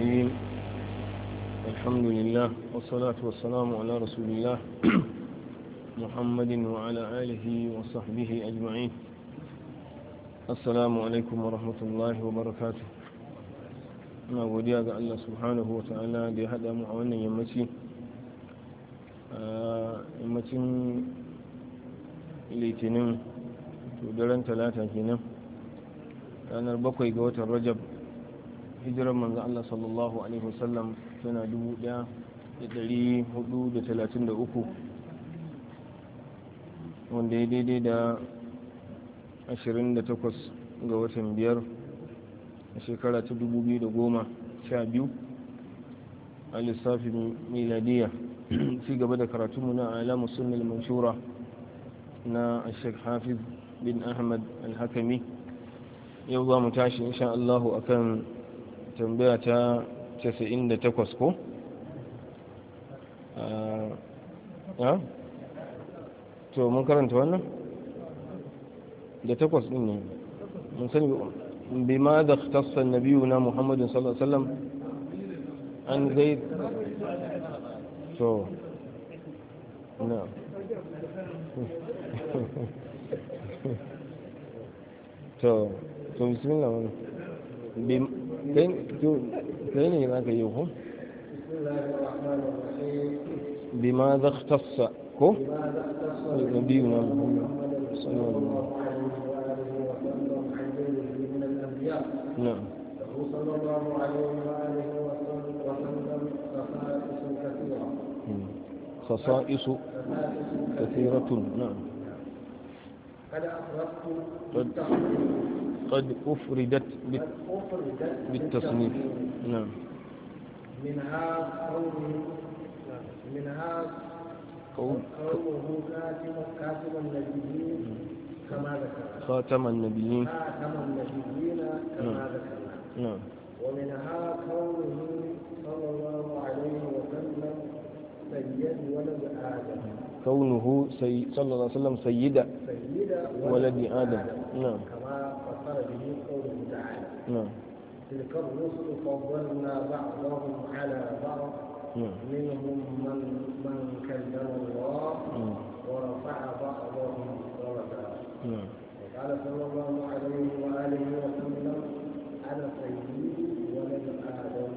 الرحيم الحمد لله والصلاة والسلام على رسول الله محمد وعلى آله وصحبه أجمعين السلام عليكم ورحمة الله وبركاته na godiya ga Allah subhanahu wa ta'ala da ya haɗa mu a wannan yammaci yammacin litinin to daren talata kenan ranar bakwai ga watan rajab hijirar manzan Allah sallallahu alaihi wasallam tana 1433 wanda ya daidai da 28 ga watan biyar a shekara ta 2012 a lissafin miladiya ci gaba da karatunmu na alamu sunnal manshura na ashek hafiz bin ahmad al-Hakami, yau za mu tashi insha Allahu akan tambaya ta 98 ko? Ah, to mun karanta wannan? da takwas ɗin ne mun sani bi ma da tassa nabiyu na muhammadin sallallahu alaihi wasallam an zai to na to to bismillah كين ما كيوهم بماذا اختص هو كو نبينا صلى الله عليه وسلم عن غيره من الانبياء نعم صلى الله عليه واله وسلم خصائص كثيره خصائص كثيره نعم قد اخرجت قد أفردت بالتصنيف نعم منها منها قوله كاتم كاتم النبيين كما ذكرنا خاتم النبيين خاتم النبيين كما نعم. ذكرنا نعم ومنها قوله صلى الله عليه وسلم سيد ولد آدم كونه سي... صلى الله عليه وسلم سيد سيدا ولد, آدم, آدم. نعم أخبر به قوله تعالى نعم تلك الرسل فضلنا بعضهم على بعض نعم. منهم من من كلم الله نعم. ورفع بعضهم درجات نعم. وقال صلى الله عليه وآله وسلم أنا سيدي ولد آدم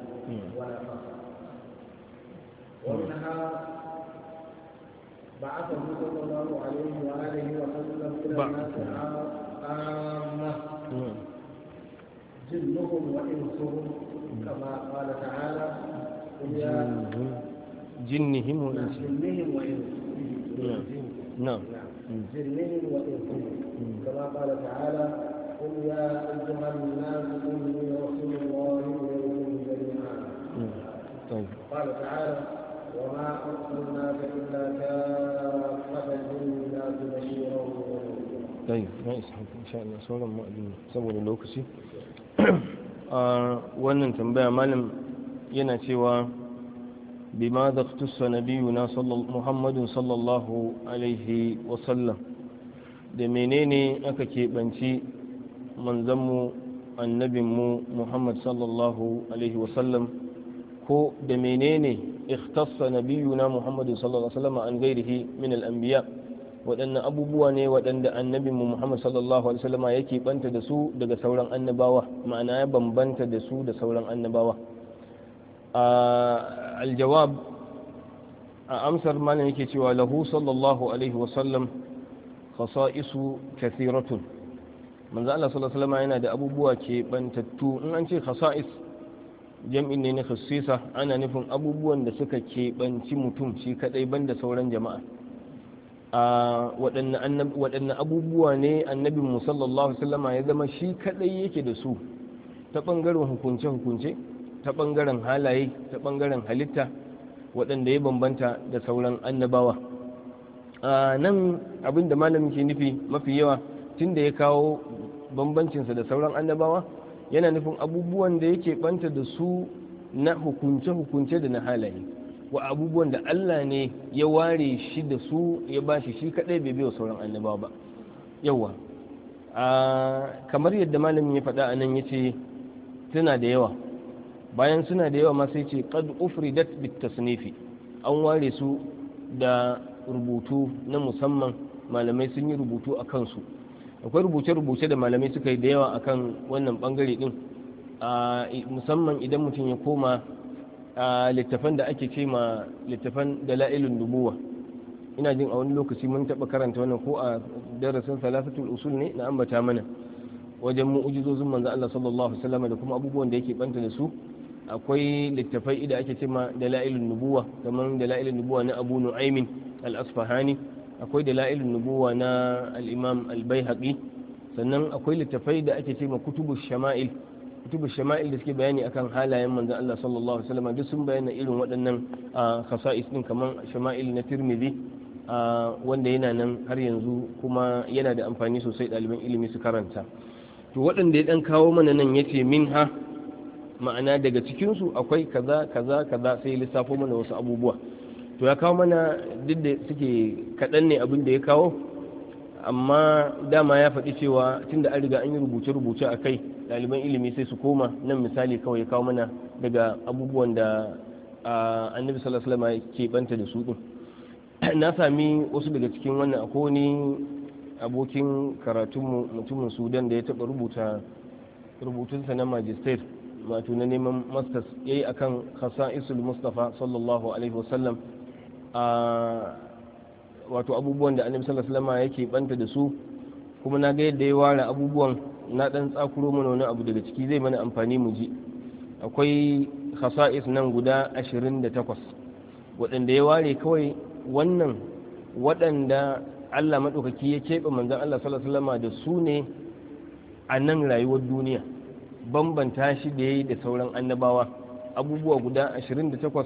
ولا فخر ومنها بعثه صلى الله عليه وآله وسلم إلى الناس عامة جنهم وإنسهم كما قال تعالى قل يا جنهم وإنسهم جنهم وإنسهم نعم جنهم وإنسهم كما قال تعالى قل يا أيها الناس إني رسول الله إليكم جميعا طيب. قال تعالى وما أرسلناك إلا كافة للناس بشيرا طيب ما saboda lokaci wannan tambaya malam yana cewa bima da tussa nabiyuna muhammadun sallallahu alaihi wasallam da menene aka keɓanci manzanmu annabinmu muhammad sallallahu alaihi wasallam ko da menene ikhtassa nabiyuna muhammadun sallallahu alaihi wasallam an gairihi min al'ambiya waɗannan abubuwa ne waɗanda annabi mu Muhammad sallallahu alaihi wasallama yake banta da su daga sauran annabawa ma'ana ya bambanta da su da sauran annabawa aljawab a amsar malam yake cewa lahu sallallahu alaihi wasallam khasa'isu kathiratun manzo Allah sallallahu alaihi wasallama yana da abubuwa ke bantattu in an ce khasa'is jam'in ne na khassisa ana nufin abubuwan da suka keɓanci mutum shi kadai banda sauran jama'a waɗanne abubuwa ne annabin mu sallama ya zama shi kaɗai yake da su ta ɓangaren hukunce-hukunce ta ɓangaren halaye ta ɓangaren halitta waɗanda ya bambanta da sauran annabawa nan abin da malamin ke nufi mafi yawa tun da ya kawo bambancinsa da sauran annabawa yana nufin abubuwan da yake ɓanta da su na hukunce-hukunce da na halaye wa abubuwan da Allah ne ya ware shi da su ya ba shi shi kadai bai biyo sauran annaba ba yawa kamar yadda malamin ya faɗa anan nan ya ce suna da yawa bayan suna da yawa ma sai ce qad ufridat bit tasnifi an ware su da rubutu na musamman malamai sun yi rubutu a kansu akwai rubuce-rubuce da malamai suka yi da yawa akan wannan bangare din musamman idan mutum ya koma a littafan da ake ce ma littafan dala'ilun nubuwa ina jin a wani lokaci mun taɓa karanta wannan ko a darasin salafatul usul ne na ambata mana wajen mu'ujizozin manzo Allah sallallahu alaihi da kuma abubuwan da yake banta da su akwai littafai da ake cema dalailun nubuwa kamar dalailun nubuwa na Abu Nu'aymin al-Asfahani akwai dalailun nubuwa na al-Imam al-Baihaqi sannan akwai littafai da ake cema kutubus shama'il kutubu shama'il da suke bayani akan halayen manzon Allah sallallahu alaihi wasallam duk sun bayyana irin waɗannan khasa'is din kamar shama'il na Tirmidhi wanda yana nan har yanzu kuma yana da amfani sosai ɗaliban ilimi su karanta to waɗanda ya dan kawo mana nan yace minha ma'ana daga cikin su akwai kaza kaza kaza sai lissafo mana wasu abubuwa to ya kawo mana duk da suke kaɗan ne abin da ya kawo amma dama ya faɗi cewa tunda an riga an yi rubuce-rubuce a kai daliban ilimi sai su koma nan misali kawai ya kawo mana daga abubuwan da annabi sallallahu alaihi wasallam ke banta da su din na sami wasu daga cikin wannan akwai abokin karatun mutumin sudan da ya taɓa rubuta rubutunsa na magister wato na neman masters ya yi akan isul mustafa sallallahu alaihi wasallam a wato abubuwan da annabi sallallahu alaihi wasallam yake banta da su kuma na ga yadda ya ware abubuwan na dan tsakuro mana wani abu daga ciki zai mana amfani mu ji akwai khasa'is nan guda 28 waɗanda ya ware kawai wannan waɗanda Allah maɗaukaki ya keɓe manzon Allah sallallahu da su ne a nan rayuwar duniya bambanta shi da yayi da sauran annabawa abubuwa guda 28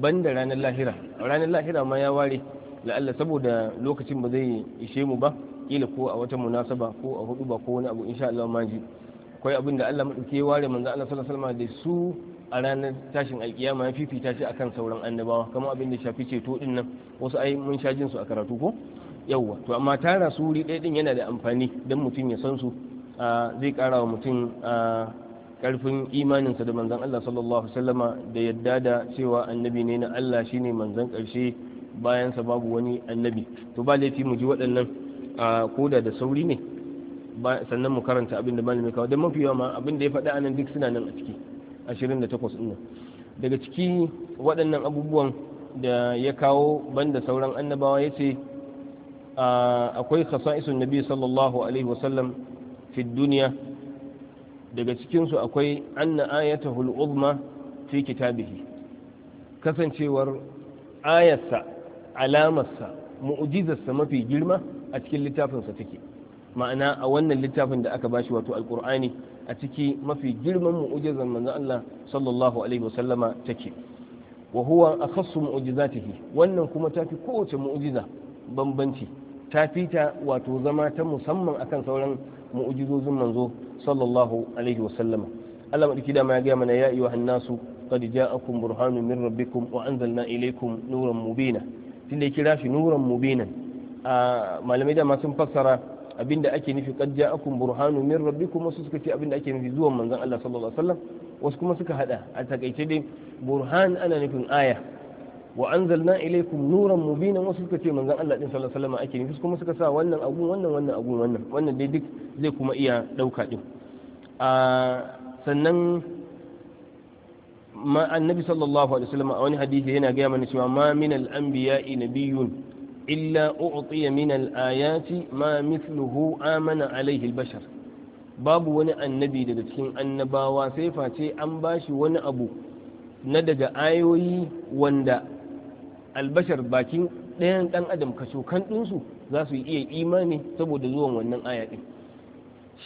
banda ranar lahira ranar lahira ma ya ware la'alla saboda lokacin ba zai ishe mu ba kila ko a wata munasaba ko a hudu ba ko wani abu insha Allah ma ji akwai abin da Allah madauke ya ware manzo Allah sallallahu alaihi wasallam da su a ranar tashin alkiyama ya fifita shi akan sauran annabawa kamar abin da shafi ceto din nan wasu ai mun sha jin su a karatu ko yawwa to amma tara su wuri ɗaya din yana da amfani dan mutum ya san su zai kara wa mutum karfin imaninsa da manzon Allah sallallahu alaihi da yadda da cewa annabi ne na Allah shine manzon karshe bayansa babu wani annabi to ba laifi mu ji waɗannan a koda da sauri ne sannan mu karanta abin da malami kawo don mafi yawa ma abin da ya faɗa anan duk suna nan a ciki 28 ɗin daga ciki waɗannan abubuwan da ya kawo banda sauran annabawa ya ce akwai khasa'isun nabi sallallahu alaihi wasallam fi duniya daga cikinsu akwai anna ayata uzma fi kitabihi kasancewar ayarsa alamarsa mu'ujizarsa mafi girma a cikin littafinsa take ma'ana a wannan littafin da aka bashi wato alkur'ani a ciki mafi girman mu'ujizan manzon Allah sallallahu alaihi wasallama take wa huwa akhassu mu'jizatihi wannan kuma tafi kowace mu'jiza bambanci ta wato zama ta musamman akan sauran mu'jizozin manzo sallallahu alaihi wasallama Allah madaki da ma ya ga mana ya ayyuhan nasu qad ja'akum burhanun min rabbikum wa anzalna ilaykum nuran mubina tunda kira shi nuran mubinan malamai dama sun fassara abinda ake nufi qad ja'akum burhanu min rabbikum wasu suka ce abinda ake nufi zuwan manzon Allah sallallahu alaihi wasallam wasu kuma suka hada a takaice dai burhan ana nufin aya wa anzalna ilaykum nuran mubinan wasu suka ce manzon Allah din sallallahu alaihi wasallam ake nufi kuma suka sa wannan agun wannan wannan agun wannan wannan dai duk zai kuma iya dauka din a sannan ma annabi sallallahu alaihi wasallam a wani hadisi yana gaya mana cewa ma min al-anbiya'i nabiyyun illa u'tiya min al-ayati ma mithluhu amana alaihi bashar babu wani annabi daga cikin annabawa sai face an bashi wani abu na daga ayoyi wanda albashar bakin ɗayan ɗan adam kaso kan ɗinsu za su iya imani saboda zuwan wannan aya ɗin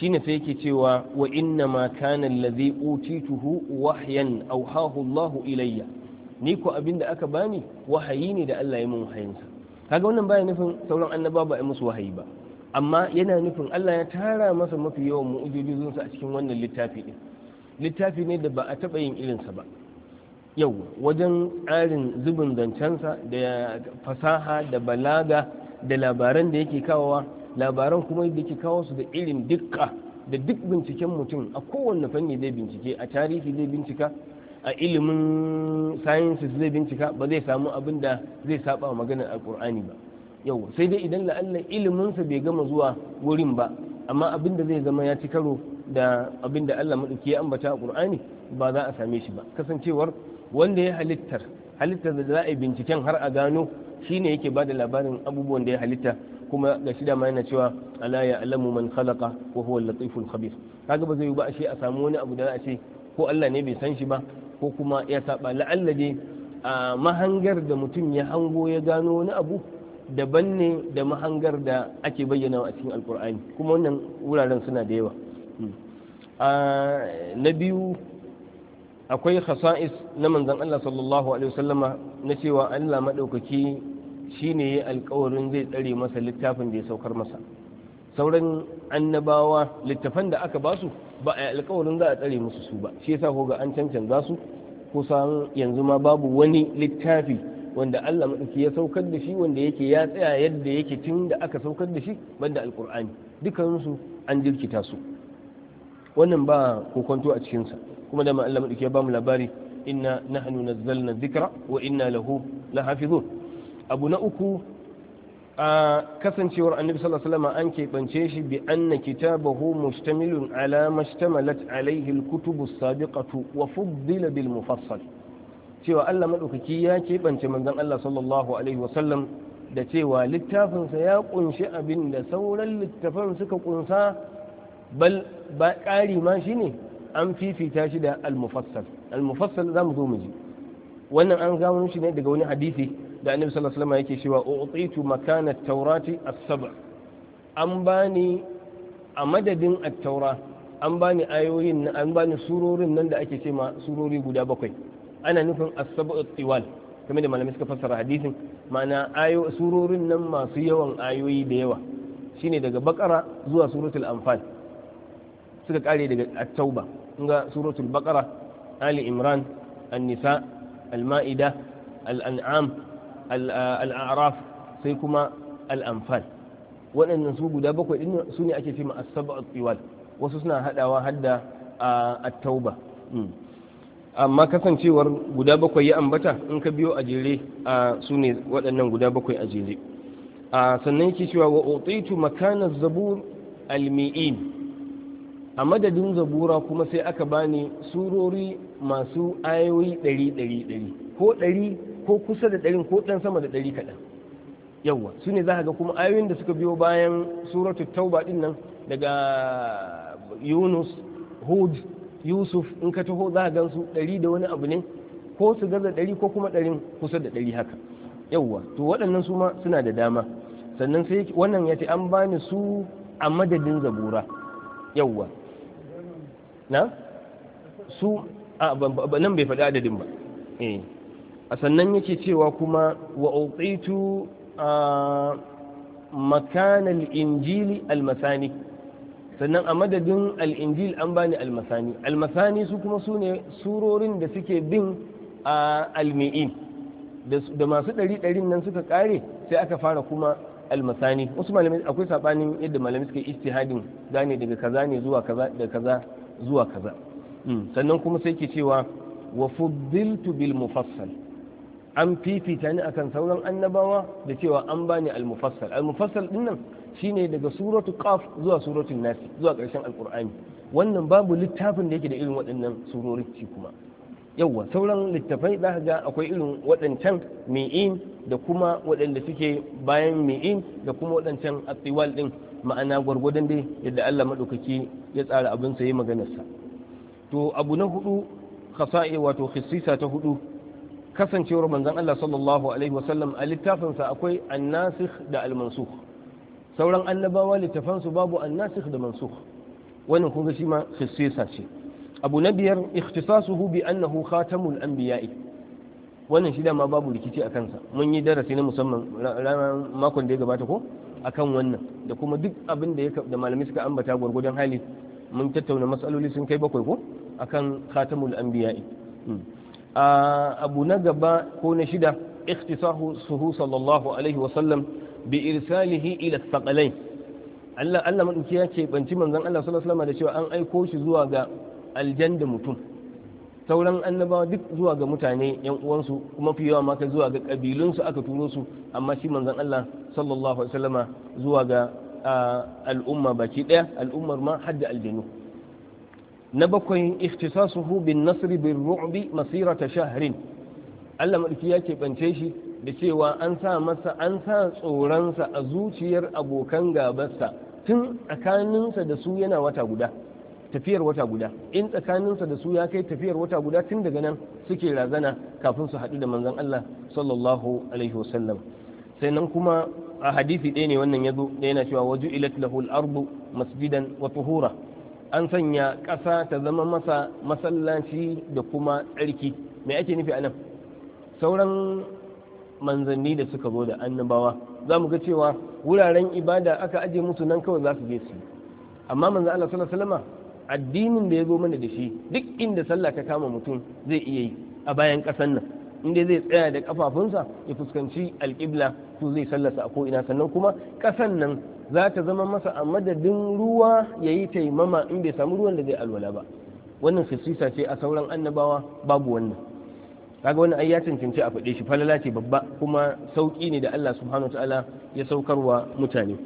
shine sai yake cewa wa inna ma kana allazi utituhu wahyan auhahu Allahu ilayya ni ko abin da aka bani wahayi ne da Allah ya mun wahayinsa kaga wannan baya nufin sauran annaba ba a musu wahayi ba amma yana nufin Allah ya tara masa mafi yawan sa a cikin wannan littafi din littafi ne da ba a taɓa yin irin sa ba yau wajen tsarin zubin zancensa da fasaha da balaga da labaran da yake kawowa labaran kuma da yake kawo su da irin dukka da duk binciken mutum a kowanne fanni zai bincike a tarihi zai bincika a ilimin sciences zai bincika ba zai samu abin da zai saba maganar alkur'ani ba yau sai dai idan la'allar iliminsa bai gama zuwa wurin ba amma abin da zai zama ya ci karo da abin da Allah maɗauki ya ambata a ƙur'ani ba za a same shi ba kasancewar wanda ya halittar halittar da za a yi binciken har a gano shine yake ba da labarin abubuwan da ya halitta kuma ga shi dama yana cewa ala ya alamu man khalaqa wa huwa al-latiful khabir kaga ba zai yi ba a shi a samu wani abu da za a ce ko Allah ne bai san shi ba ko kuma ya saba la'alla dai a mahangar da mutum ya hango ya gano wani abu daban ne da mahangar da ake bayyana a cikin alkur'ani kuma wannan wuraren suna da yawa hmm. na biyu akwai khasa'is na manzan Allah sallallahu alaihi wasallama na cewa Allah maɗaukaki shine ya alkawarin zai tsare masa littafin da ya saukar masa sauran annabawa littafan da aka basu ba a eh, alkawarin za a tsare musu su ba shi yasa ko ga an cancanza su kusan yanzu ma babu wani littafi wanda Allah madauki ya saukar da shi wanda yake ya tsaya yadda yake tun da aka saukar da shi banda alkur'ani dukansu an jirkita su wannan ba kokonto a cikin sa kuma da Allah madauki ya bamu labari inna nahnu nazzalna dhikra wa inna lahu lahafizun abu na uku a kasancewar annabi sallallahu alaihi wasallam an keɓance shi bi anna kitabahu mustamilun ala mashtamalat alaihi alkutubus sabiqatu wa fuddila bil mufassal cewa Allah madaukaki ya keɓance manzon Allah sallallahu alaihi wasallam da cewa littafinsa ya kunshi abin da sauran littafan suka kunsa bal ba ƙari ma shine an fifita shi da al-mufassal al-mufassal zamu zo mu ji wannan an gano shi ne daga wani hadisi da annabi sallallahu alaihi yake cewa u'titu makana at-taurati as-sab' an bani a madadin at-taura an bani ayoyin an bani surorin nan da ake cewa surori guda bakwai ana nufin as-sab'u at-tiwal kamar da malamai suka fassara hadisin ma'ana ayo surorin nan masu yawan ayoyi da yawa shine daga bakara zuwa suratul anfal suka kare daga at-tauba ga suratul bakara ali imran an-nisa al-ma'ida al-an'am al'araf sai kuma al'amfal waɗannan su guda bakwai ɗin su ne ake ce ma asaba tsiwal wasu suna haɗawa hadda a tauba hmm. amma kasancewar guda bakwai ya ambata in ka biyo a jere su ne waɗannan guda bakwai a jere sannan yake cewa wa utaitu makana zabur almi'in a madadin zabura kuma sai aka bani surori masu ayoyi ɗari ɗari ɗari ko ɗari ko kusa da ɗarin ko ɗan sama da ɗari kaɗan yawwa su ne za ka ga kuma ayoyin da suka biyo bayan suratul tauba ɗin nan daga yunus hud yusuf in ka taho za ka gan su ɗari da wani abu ne ko su gaza ɗari ko kuma ɗarin kusa da ɗari haka yawwa to waɗannan su ma suna da dama sannan sai wannan ya ce an bani su a madadin zabura yawwa na su a nan bai faɗi adadin ba eh a sannan yake cewa kuma wa a makan al-injili al sannan a madadin al an bani al Almasani al-masani su kuma su ne surorin da suke bin al-mi'in da masu ɗari ɗarin nan suka ƙare sai aka fara kuma al wasu malamai akwai saɓanin yadda malamai suke istihadin gane daga kaza ne zuwa kaza daga kaza zuwa kaza hmm, sannan kuma sai ke cewa wa fuddiltu bil mufassal an fifita ni akan sauran annabawa da cewa an bani al-mufassal al-mufassal din nan shine daga suratu qaf zuwa suratu nas zuwa ƙarshen alqur'ani wannan babu littafin da yake da irin waɗannan surorici kuma yawa sauran littafai da ga akwai irin waɗancan mi'in da kuma waɗanda suke bayan mi'in da kuma waɗancan atiwal din ma'ana gwargwadon dai yadda Allah madaukaki ya tsara abin sa yi maganarsa to abu na hudu khasa'i wato khisisa ta hudu kasancewar manzon Allah sallallahu alaihi wasallam a littafinsa akwai annasikh da almansukh sauran annabawa su babu annasikh da mansukh wannan kun ga shi ma khisisa ce abu na biyar ikhtisasuhu bi annahu khatamul anbiya'i wannan shi dama babu rikici a kansa mun yi darasi na musamman ranar makon da ya gabata ko akan wannan da kuma duk abin da da malami suka ambata gwargwadon hali mun tattauna matsaloli sun kai bakwai ko akan khatamul anbiya'i hmm. abu na gaba ko na shida ikhtisahu suhu sallallahu alaihi wa sallam bi irsalihi ila thaqalain Allah Allah madauki ya ce banci manzon Allah sallallahu alaihi wasallam da cewa an aiko shi zuwa ga aljanda mutum sauran annabawa duk zuwa ga mutane yan uwansu kuma fi yawa maka zuwa ga su aka turo su amma shi manzon Allah sallallahu alaihi wasallama zuwa ga al'umma baki daya al'ummar ma hadda aljannu na bakwai ikhtisasuhu bin nasri bin ru'bi ta shahrin Allah madauki ya keɓance shi da cewa an sa masa an sa tsoronsa a zuciyar abokan gabarsa tun tsakaninsa da su yana wata guda tafiyar wata guda in tsakaninsa da su ya kai tafiyar wata guda tun daga nan suke razana kafin su haɗu da manzon Allah sallallahu alaihi wasallam sannan kuma a hadisi ɗaya ne wannan ya zo da yana cewa waju ilat lahul ardu masjidan wa tuhura an sanya ƙasa ta zama masa masallaci da kuma tsarki me ake nufi anan? sauran manzanni da suka zo da annabawa za mu ga cewa wuraren ibada aka aje musu nan kawai za su je su amma manzan Allah sallallahu alaihi addinin da ya zo mana da shi duk inda sallah ta kama mutum zai iya yi a bayan ƙasan nan inda zai tsaya da ƙafafunsa, ya fuskanci alƙibla to zai sallasa a ko'ina sannan kuma ƙasan nan za ta zama masa a madadin ruwa ya yi taimama in bai samu ruwan da zai alwala ba wannan fisisa ce a sauran annabawa babu wannan kaga wannan ai ya cancanci a faɗe shi falala ce babba kuma sauƙi ne da Allah subhanahu ta'ala ya saukarwa mutane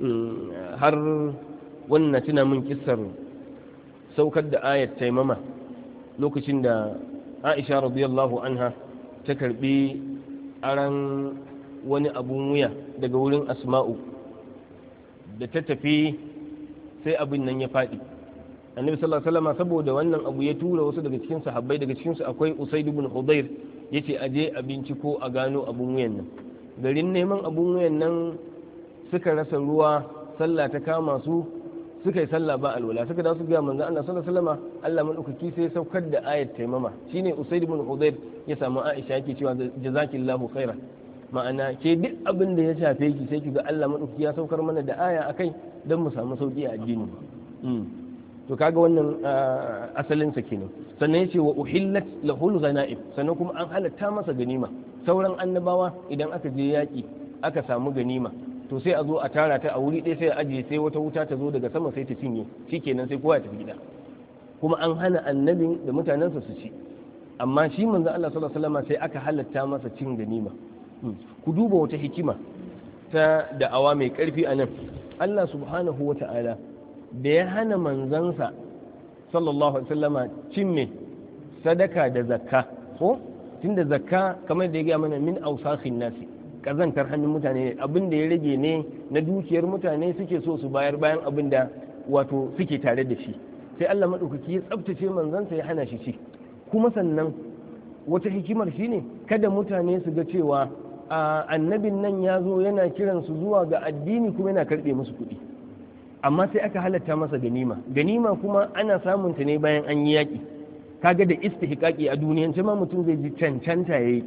mm, har wannan na tuna min kissar saukar da ayat taimama lokacin da Aisha radiyallahu anha ta karbi aran wani abun wuya daga wurin asma'u da ta tafi sai abin nan ya faɗi annabi sallallahu alaihi wasallam saboda wannan abu ya tura wasu daga cikin sahabbai daga cikin su akwai usaid ibn hudayr yace a je a binciko a gano abun wuyan nan garin neman abun wuyan nan suka rasa ruwa sallah ta kama su suka yi sallah ba alwala suka da su ga manzo Allah sallallahu alaihi wasallam Allah madaukaki sai saukar da ayat taimama shine usaid ibn hudayr ya samu aisha yake cewa jazakillahu khairan ma'ana ke duk abin da ya shafe ki sai ki ga Allah madauki ya saukar mana da aya akai dan mu samu sauki a addini mm. to kaga wannan asalin sa kenan sannan yace wa uhillat lahul ghanaib sannan kuma an halatta masa ganima sauran annabawa idan aka je yaki aka samu ganima to sai a zo a tara ta a wuri ɗaya sai a ajiye sai wata wuta ta zo daga sama sai ta cinye shikenan sai kowa ya tafi gida kuma an hana annabin da mutanansa su ci amma shi manzo Allah sallallahu alaihi wasallam sai aka halatta masa cin ganima ku duba wata hikima ta da'awa mai karfi a nan Allah subhanahu wa ta'ala da ya hana manzansa sallallahu alaihi wasallama cin me sadaka da zakka ko tunda zakka kamar da ya gaya mana min ausakhin nasi kazantar hannun mutane abin da ya rage ne na dukiyar mutane suke so su bayar bayan abin da wato suke tare da shi sai Allah madaukaki ya tsabtace manzansa ya hana shi ci kuma sannan wata hikimar shine kada mutane su ga cewa annabin nan ya zo yana kiran su zuwa ga addini kuma yana karɓe musu kuɗi amma sai aka halatta masa ganima ganima kuma ana samun ta ne bayan an yi yaƙi kaga da istihqaqi a duniyance ma mutum zai ji cancanta yayi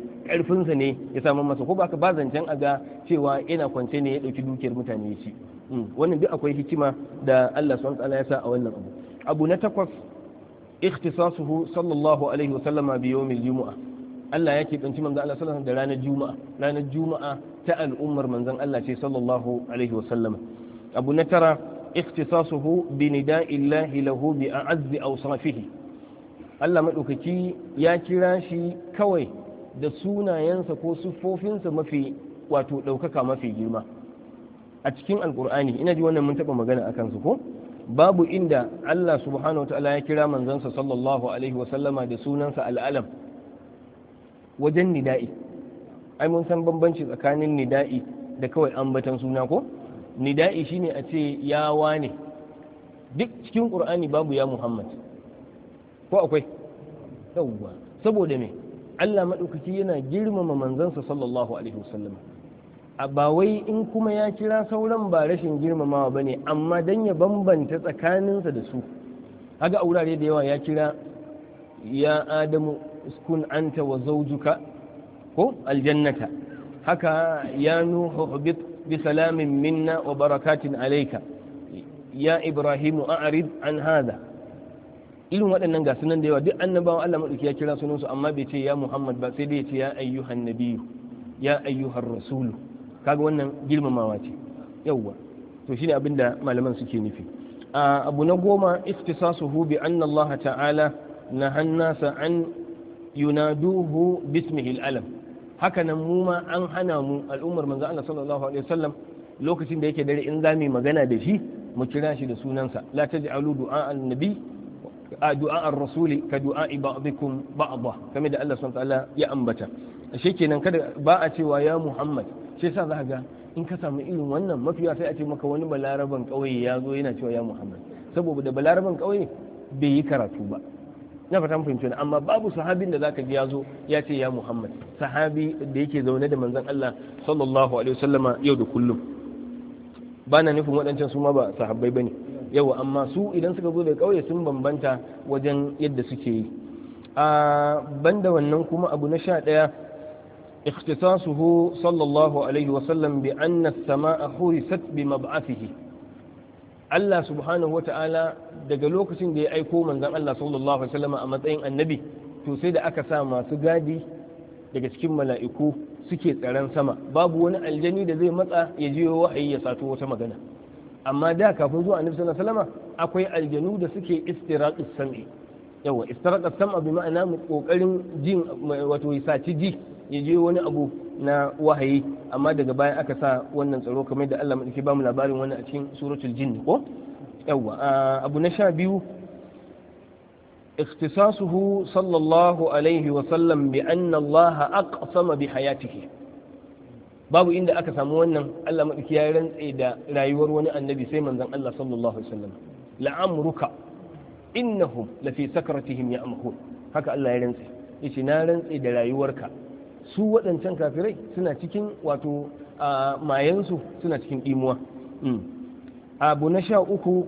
sa ne ya samu masa ko baka ba zancen a ga cewa yana kwance ne ya ɗauki dukiyar mutane ya ci hmm. wannan duk akwai hikima da Allah subhanahu wa ya sa a wannan abu abu na takwas ikhtisasuhu sallallahu alaihi wa sallama bi yawmil jumu'ah Allah ya keɓanci manzan Allah sallallahu da ranar juma'a ranar juma'a ta al'ummar manzan Allah ce sallallahu alaihi wa sallam abu na tara ikhtisasuhu bi nida'illahi lahu bi a'azzi awsafihi Allah madaukaki ya kira shi kawai da sunayensa ko siffofinsa mafi wato ɗaukaka mafi girma a cikin Alƙur'ani ina ji wannan mun taɓa magana a kansu ko babu inda Allah subhanahu wa ta'ala ya kira manzansa sallallahu alaihi wa sallama da sunansa al'alam wajen nida'i ai mun san bambanci tsakanin nida'i da kawai ambatan suna ko nida'i shine a ce ya wane duk cikin qur'ani babu ya muhammad ko akwai yawwa saboda me Allah maɗaukaki yana girmama manzansa sallallahu alaihi wasallam a ba wai in kuma ya kira sauran ba rashin girmamawa bane amma dan ya bambanta tsakaninsa da su haga a wurare da yawa ya kira ya adamu uskun anta wa ko aljannata haka ya nuhu hubit bi salamin minna wa barakatin alayka ya ibrahimu a'rid an hada irin waɗannan ga sunan da yawa duk annabawa Allah madauki ya kira sunansu amma bai ce ya Muhammad ba sai dai ya ce ya ayyuhan nabiyyu ya ayyuhar rasulu kaga wannan girmamawa ce yawwa to shine abin da malaman suke nufi abu na goma iftisasuhu bi anna Allah ta'ala na hannasa an yunaduhu bismihil alam haka nan mu ma an hana mu al'ummar manzo Allah sallallahu alaihi wasallam lokacin da yake dare in zamu magana da shi mu kira shi da sunansa la taj'alu du'a annabi du'a ar-rasuli ka du'a ba'dikum ba'dha kamar da Allah subhanahu wa ya ambata kenan kada ba a cewa ya Muhammad shi yasa za ga in ka samu irin wannan mafiya sai a ce maka wani balaraban kauye ya zo yana cewa ya Muhammad saboda balaraban kauye bai yi karatu ba na fatan fahimci ne amma babu sahabin da zaka ji ya zo ya ce ya Muhammad sahabi da yake zaune da manzan Allah sallallahu alaihi wasallama yau da kullum bana nufin waɗancan su ma ba sahabbai ba ne yau amma su idan suka zo da kauye sun bambanta wajen yadda suke yi a banda wannan kuma abu na sha ɗaya اختصاصه صلى الله عليه وسلم بأن السماء خرست بمبعثه Allah subhanahu wa ta'ala daga lokacin da ya aiko manzan Allah sallallahu alaihi wasallam a matsayin annabi to sai da aka sa masu gadi daga cikin mala'iku suke tsaron sama babu wani aljani da zai matsa ya je wa'ayi ya sato wata magana amma da kafin zuwa annabi sallallahu alaihi wasallam akwai aljanu da suke istiraqis sam'i yawa istiraqis sam'a bi ma'ana mu kokarin jin wato saci ji ya je wani abu na wahayi amma daga bayan aka sa wannan tsaro kamar da Allah madaki ba mu labarin wani a cikin suratul jin ko yawa abu na sha biyu اختصاصه صلى الله bi وسلم بأن الله أقسم بحياته babu inda aka samu wannan Allah maɗauki ya rantse da rayuwar wani annabi sai manzon Allah sallallahu alaihi wasallam la'amruka innahum lafi sakratihim ya'mahun haka Allah ya rantse yace na rantse da rayuwarka su waɗancan kafirai suna cikin wato mayansu suna cikin ɗimuwa. Hmm. abu na sha uku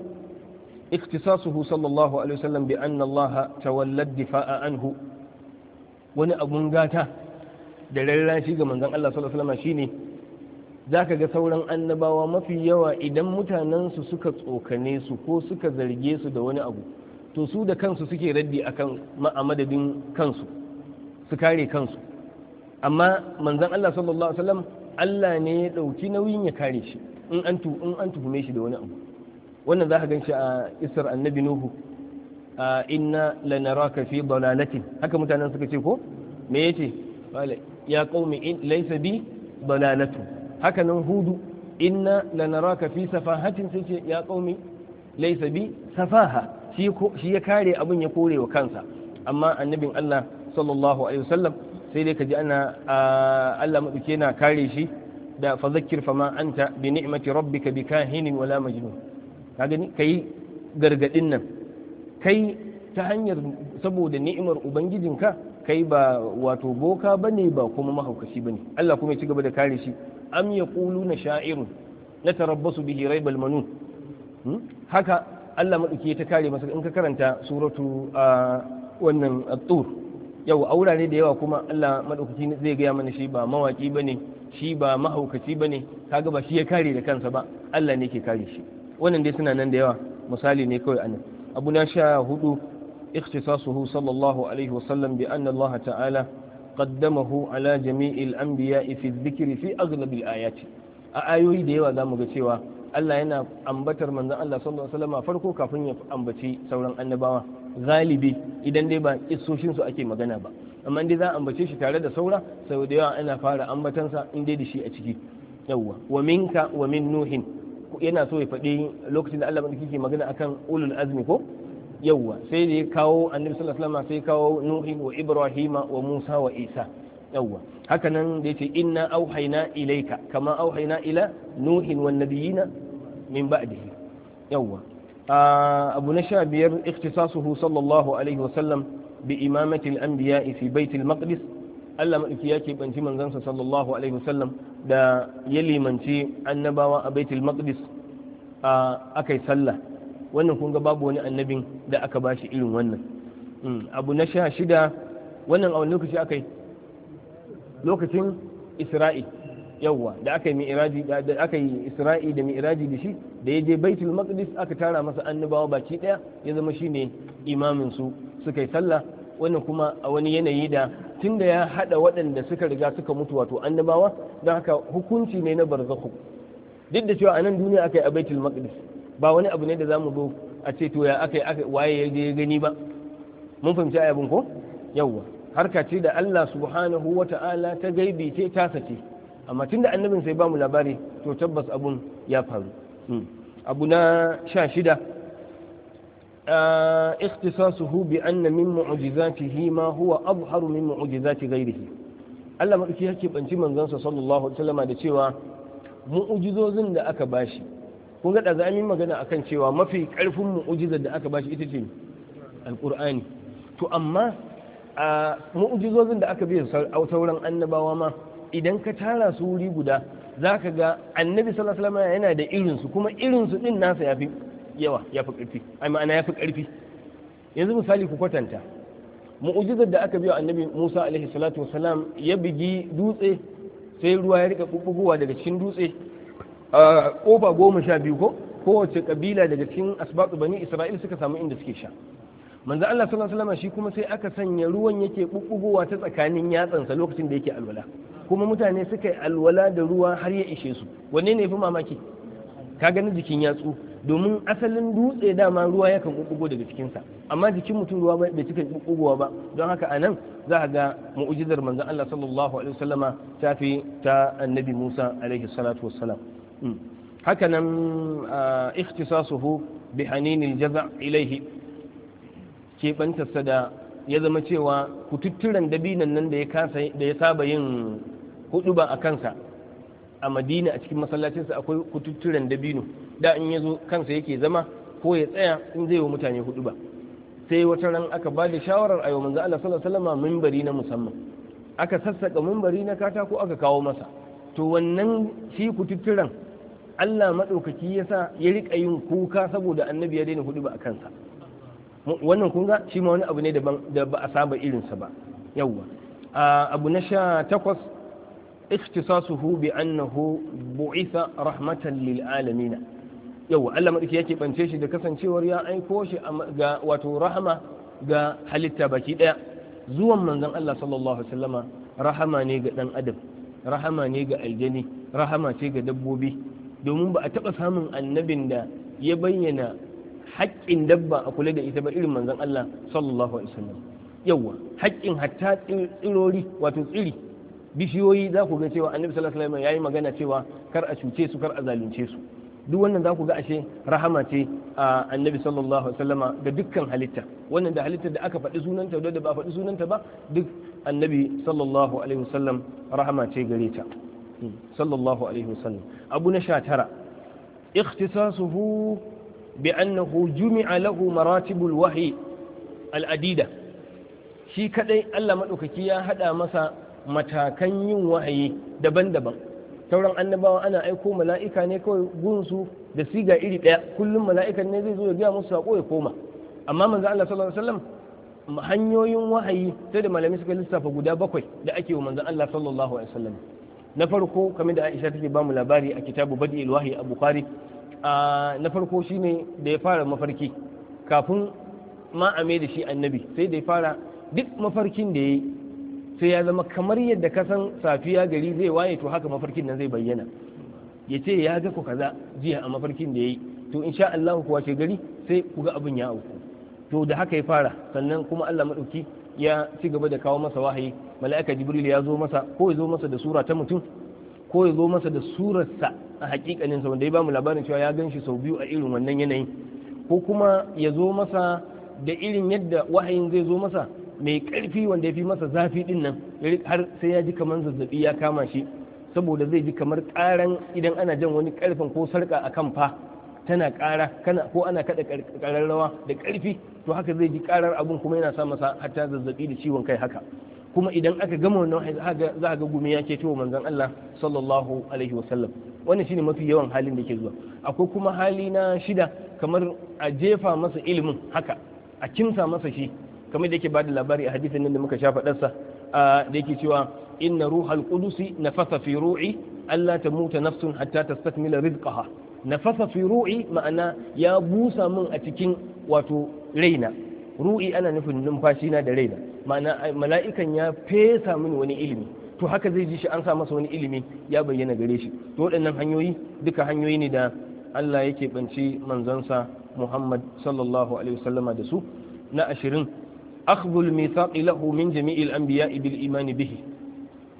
iktisasuhu sallallahu alaihi wasallam bi anna Allah tawalla difa'a anhu wani abun gata da rarrashi ga manzon Allah sallallahu alaihi wasallam shine zaka ga sauran annabawa mafi yawa idan mutanensu suka tsokane su ko suka zarge su da wani abu to su da kansu suke raddi akan a madadin kansu su kare kansu amma manzan Allah sallallahu alaihi wasallam Allah ne ya ɗauki nauyin ya kare shi in an tu in an tuhume shi da wani abu wannan za ka gan shi a isar annabi nuhu a inna lanaraka fi dalalatin haka mutanen suka ce ko me yace wala ya qaumi in laysa bi dalalatu haka nan hudu inna lanaraka fi safahatin sai ce ya qaumi laysa bi safaha shi ya kare abin ya kore wa kansa amma annabin Allah sallallahu alaihi wasallam sai dai ka ji ana Allah maɗauke na kare shi da fazakir fama anta bi ni'mati rabbika bi kahinin wala majnun ka gani kai gargadin nan kai ta hanyar saboda ni'imar ubangijinka kai ba wato boka bane ba kuma mahaukaci bane Allah kuma ya ci gaba da kare shi am yaquluna sha'irun natarabbasu bihi raibal manun hmm? haka Allah maɗauke ta kare masa in ka karanta suratu wannan at-tur yau a wurare da yawa kuma Allah madaukaki zai gaya mana shi ba mawaki bane shi ba mahaukaci bane kaga ba shi ya kare da kansa ba Allah ne ke kare shi wannan dai suna nan da yawa misali ne kawai anan abu na sha hudu اختصاصه صلى الله عليه وسلم بأن الله تعالى قدمه على جميع الأنبياء في الذكر في أغلب الآيات a ayoyi da yawa za ga cewa Allah yana ambatar manzon Allah sallallahu alaihi wasallam farko kafin ya ambaci sauran annabawa galibi idan dai ba kissoshin su ake magana ba amma dai za a ambace shi tare da saura sau da yawa ana fara ambatansa in dai da shi a ciki yawwa wa minka wa min nuhin yana so ya faɗi lokacin da Allah ke magana akan ulul azmi ko yawwa sai da ya kawo annabi sallallahu alaihi wasallam sai kawo nuhin wa ibrahima wa musa wa isa yawwa haka nan da yace inna auhayna ilayka kama auhayna ila nuhin wan nabiyina min ba'dihi yawwa abu na sha biyar ikhtisasuhu sallallahu alaihi wasallam bi imamati al-anbiya fi bait al-maqdis Allah madauki ya ke banci manzansa sallallahu alaihi wasallam da ya limanci annabawa a baitul maqdis akai sallah wannan kun ga babu wani annabin da aka bashi irin wannan hmm, abu na sha shida wannan a wani lokaci akai lokacin isra'i yawwa da aka yi da aka yi isra'i da mi'iraji da shi da ya je baitul maqdis aka tara masa annabawa baki daya ya zama shine imamin su suka yi sallah wannan kuma a wani yanayi da tunda ya hada waɗanda suka riga suka mutu wato annabawa don haka hukunci ne na barzakhu duk da cewa a nan duniya aka yi a baitul maqdis ba wani abu ne da zamu zo a ce to ya aka yi waye ya gani ba mun fahimci ayabin ko yawwa harka ce da Allah subhanahu wa ta'ala ta gaibi ce ta sace amma tunda annabin sai ba mu labari to tabbas abun ya faru hmm. abu na sha shida ikhtisasuhu bi anna min mu'jizatihi ma huwa abharu min mu'jizati ghayrihi Allah madauki yake banci sa sallallahu alaihi wasallam da cewa mu'jizozin da aka bashi kun ga da magana akan cewa mafi karfin mu'ujizar da aka bashi ita ce alqur'ani to amma a mu'jizozin da aka biya sauran annabawa ma idan ka tara su wuri guda za ka ga annabi sallallahu alaihi yana da irinsu kuma irinsu din nasa yafi yawa yafi karfi ai ma'ana yafi karfi yanzu misali ku kwatanta mu'jizar da aka biya annabi Musa alaihi salatu wasalam ya bigi dutse sai ruwa ya rika bubbugowa daga cikin dutse a kofa goma sha biyu ko kowace kabila daga cikin asbaqu bani isra'il suka samu inda suke sha manzo Allah sallallahu alaihi shi kuma sai aka sanya ruwan yake bubbugowa ta tsakanin yatsansa lokacin da yake alwala kuma mutane suka yi alwala da ruwa har ya ishe su wanne ne fi mamaki ka gani jikin yatsu domin asalin dutse dama ruwa yakan bubbugo daga sa amma jikin mutum ruwa bai cika bubbugowa ba don haka anan za a ga mu'jizar manzo Allah sallallahu alaihi wasallama ta fi ta annabi Musa alaihi salatu wassalam hmm. haka nan ah, ikhtisasuhu bi jaza' ilaihi keɓantarsa da ya zama cewa kututturan dabinan nan da ya saba yin hudu ba a kansa a madina a cikin masallacinsa akwai kututturen dabino da in ya zo kansa yake zama ko ya tsaya in zai wa mutane hudu ba sai wata ran aka ba da shawarar ayo manzo Allah sallallahu alaihi wasallam minbari na musamman aka sassaka minbari na katako aka kawo masa to wannan shi kututturan, Allah madaukaki yasa ya rika yin kuka saboda annabi ya daina hudu ba a kansa wannan kun ga shi ma wani abu ne da ba a saba irinsa ba yawwa abu na sha takwas ikhtisasuhu bi annahu bu'itha rahmatan lil alamin yawwa Allah madaki yake bance shi da kasancewar ya aiko shi ga wato rahama ga halitta baki ɗaya. zuwan manzon Allah sallallahu alaihi wasallama rahama ne ga dan adam rahama ne ga aljani rahama ce ga dabbobi domin ba a taɓa samun annabin da ya bayyana haƙƙin dabba a kula da ita ba irin manzon Allah sallallahu alaihi wasallam yawa haƙƙin hatta tsirori wato tsiri bishiyoyi za ku ga cewa annabi sallallahu alaihi wasallam yayi magana cewa kar a cuce su kar a zalunce su duk wannan za ku ga ashe rahama ce a annabi sallallahu alaihi wasallama da dukkan halitta wannan da halitta da aka faɗi sunanta da ba faɗi sunanta ba duk annabi sallallahu alaihi wasallam rahama ce gare ta sallallahu alaihi wasallam abu na sha tara ikhtisasuhu بأنه جمع له مراتب الوحي al'adida. shi kaɗai Allah maɗaukaki ya haɗa masa matakan yin wahayi daban-daban sauran annabawa ana aiko mala'ika ne kawai gunsu da siga iri ɗaya kullum mala'ikan ne zai zo ya gaya musu saƙo ya koma amma manzo Allah sallallahu alaihi wasallam hanyoyin wahayi sai da malamai suka lissafa guda bakwai da ake wa manzo Allah sallallahu alaihi wasallam na farko kamar da Aisha take ba mu labari a kitabu Badil Wahyi a Bukhari na farko shi ne da ya fara mafarki kafin ma a da shi annabi sai da ya fara duk mafarkin da ya yi sai ya zama kamar yadda kasan safiya gari zai waye to haka mafarkin nan zai bayyana ya ce ya ga ku kaza jiya a mafarkin da ya yi to insha Allah ku wace gari sai ku ga abin ya auku to da haka ya fara sannan kuma Allah madauki ya ci gaba da kawo masa wahayi mala'ika jibril ya zo masa ko ya zo masa da sura ta mutum ko ya zo masa da surarsa a hakikanin sa wanda ya bamu labarin cewa ya gan shi sau biyu a irin wannan yanayin ko kuma ya zo masa da irin yadda wahayin zai zo masa mai karfi wanda ya fi masa zafi din nan har sai ya ji kamar zazzabi ya kama shi saboda zai ji kamar karan idan ana jan wani karfin ko sarka a kan fa tana kara kana ko ana kada kararrawa da karfi to haka zai ji karar abun kuma yana sa masa hatta zazzabi da ciwon kai haka kuma idan aka gama wannan za a ga gumi ya ce to manzon Allah sallallahu alaihi wasallam wannan shine mafi yawan halin da ke zuwa akwai kuma hali na shida kamar a jefa masa ilimin haka a kimsa masa shi kamar da yake ba da labari a hadisin nan da muka sha faɗarsa da yake cewa inna ruhal qudusi nafasa fi ru'i alla tamuta nafsun hatta tastakmila rizqaha nafasa fi ru'i ma'ana ya busa min a cikin wato raina ru'i ana nufin numfashi na da raina ma'ana mala'ikan ya fesa min wani ilimi to haka zai ji shi an sa masa wani ilimi ya bayyana gare shi to waɗannan hanyoyi duka hanyoyi ne da Allah yake banci manzansa Muhammad sallallahu alaihi da su na ashirin akhdhul mithaqi lahu min jami'il anbiya'i bil iman bihi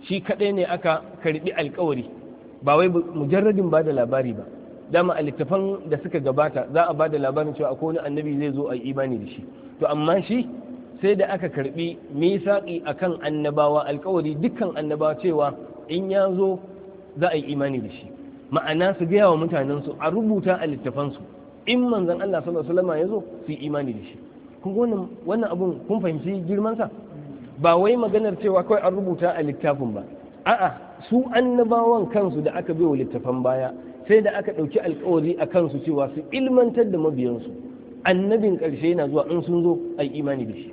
shi kadai ne aka karbi alkawari ba wai mujarradin ba da labari ba dama a littafan da suka gabata za a ba da labarin cewa akwai wani annabi zai zo a imani da shi to amma shi sai da aka karbi misaƙi akan annabawa alkawari dukkan annabawa cewa in ya zo za a yi imani da shi ma'ana su gaya wa mutanensu a rubuta a littafansu in manzan Allah sallallahu alaihi ya zo su yi imani da shi kun wannan wannan abun kun fahimci girman sa ba wai maganar cewa kawai an rubuta a littafin ba a'a su annabawan kansu da aka bai wa littafan baya sai da aka ɗauki alkawari a kansu cewa su ilmantar da mabiyansu annabin ƙarshe yana zuwa in sun zo a imani da shi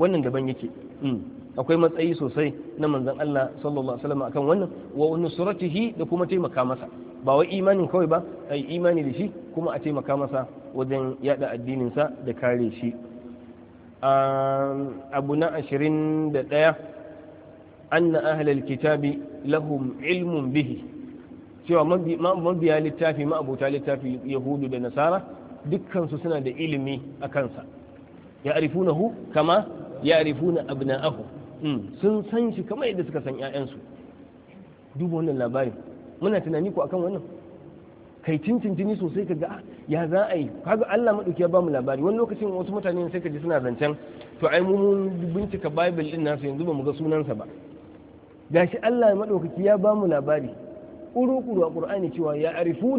wannan daban yake hmm. akwai matsayi sosai na manzon Allah sallallahu alaihi wasallam akan wannan wa nusratihi da kuma taimaka masa ba wai imanin kawai ba ai imani da shi kuma a taimaka masa wajen yada addinin sa da kare shi abu na 21 anna ahlal kitabi lahum ilmun bihi cewa mabiya littafi ma'abota littafi yahudu da nasara dukkansu suna da ilimi a kansa ya arifunahu kama ya'rifuna abna'ahum hmm. sun san shi kamar yadda suka san ƴaƴansu duba wannan labarin muna tunani ko akan wannan kai tintintini sosai ka ga ah, ya za a yi kaga Allah madauki ya ba mu labari wani lokacin wasu mutane sai ka ji suna zancen to ai mu mun bincika bible din nasu yanzu ba mu ga sunansa ba gashi Allah madaukaki ya ba mu labari kuru-kuru a qur'ani cewa ya ku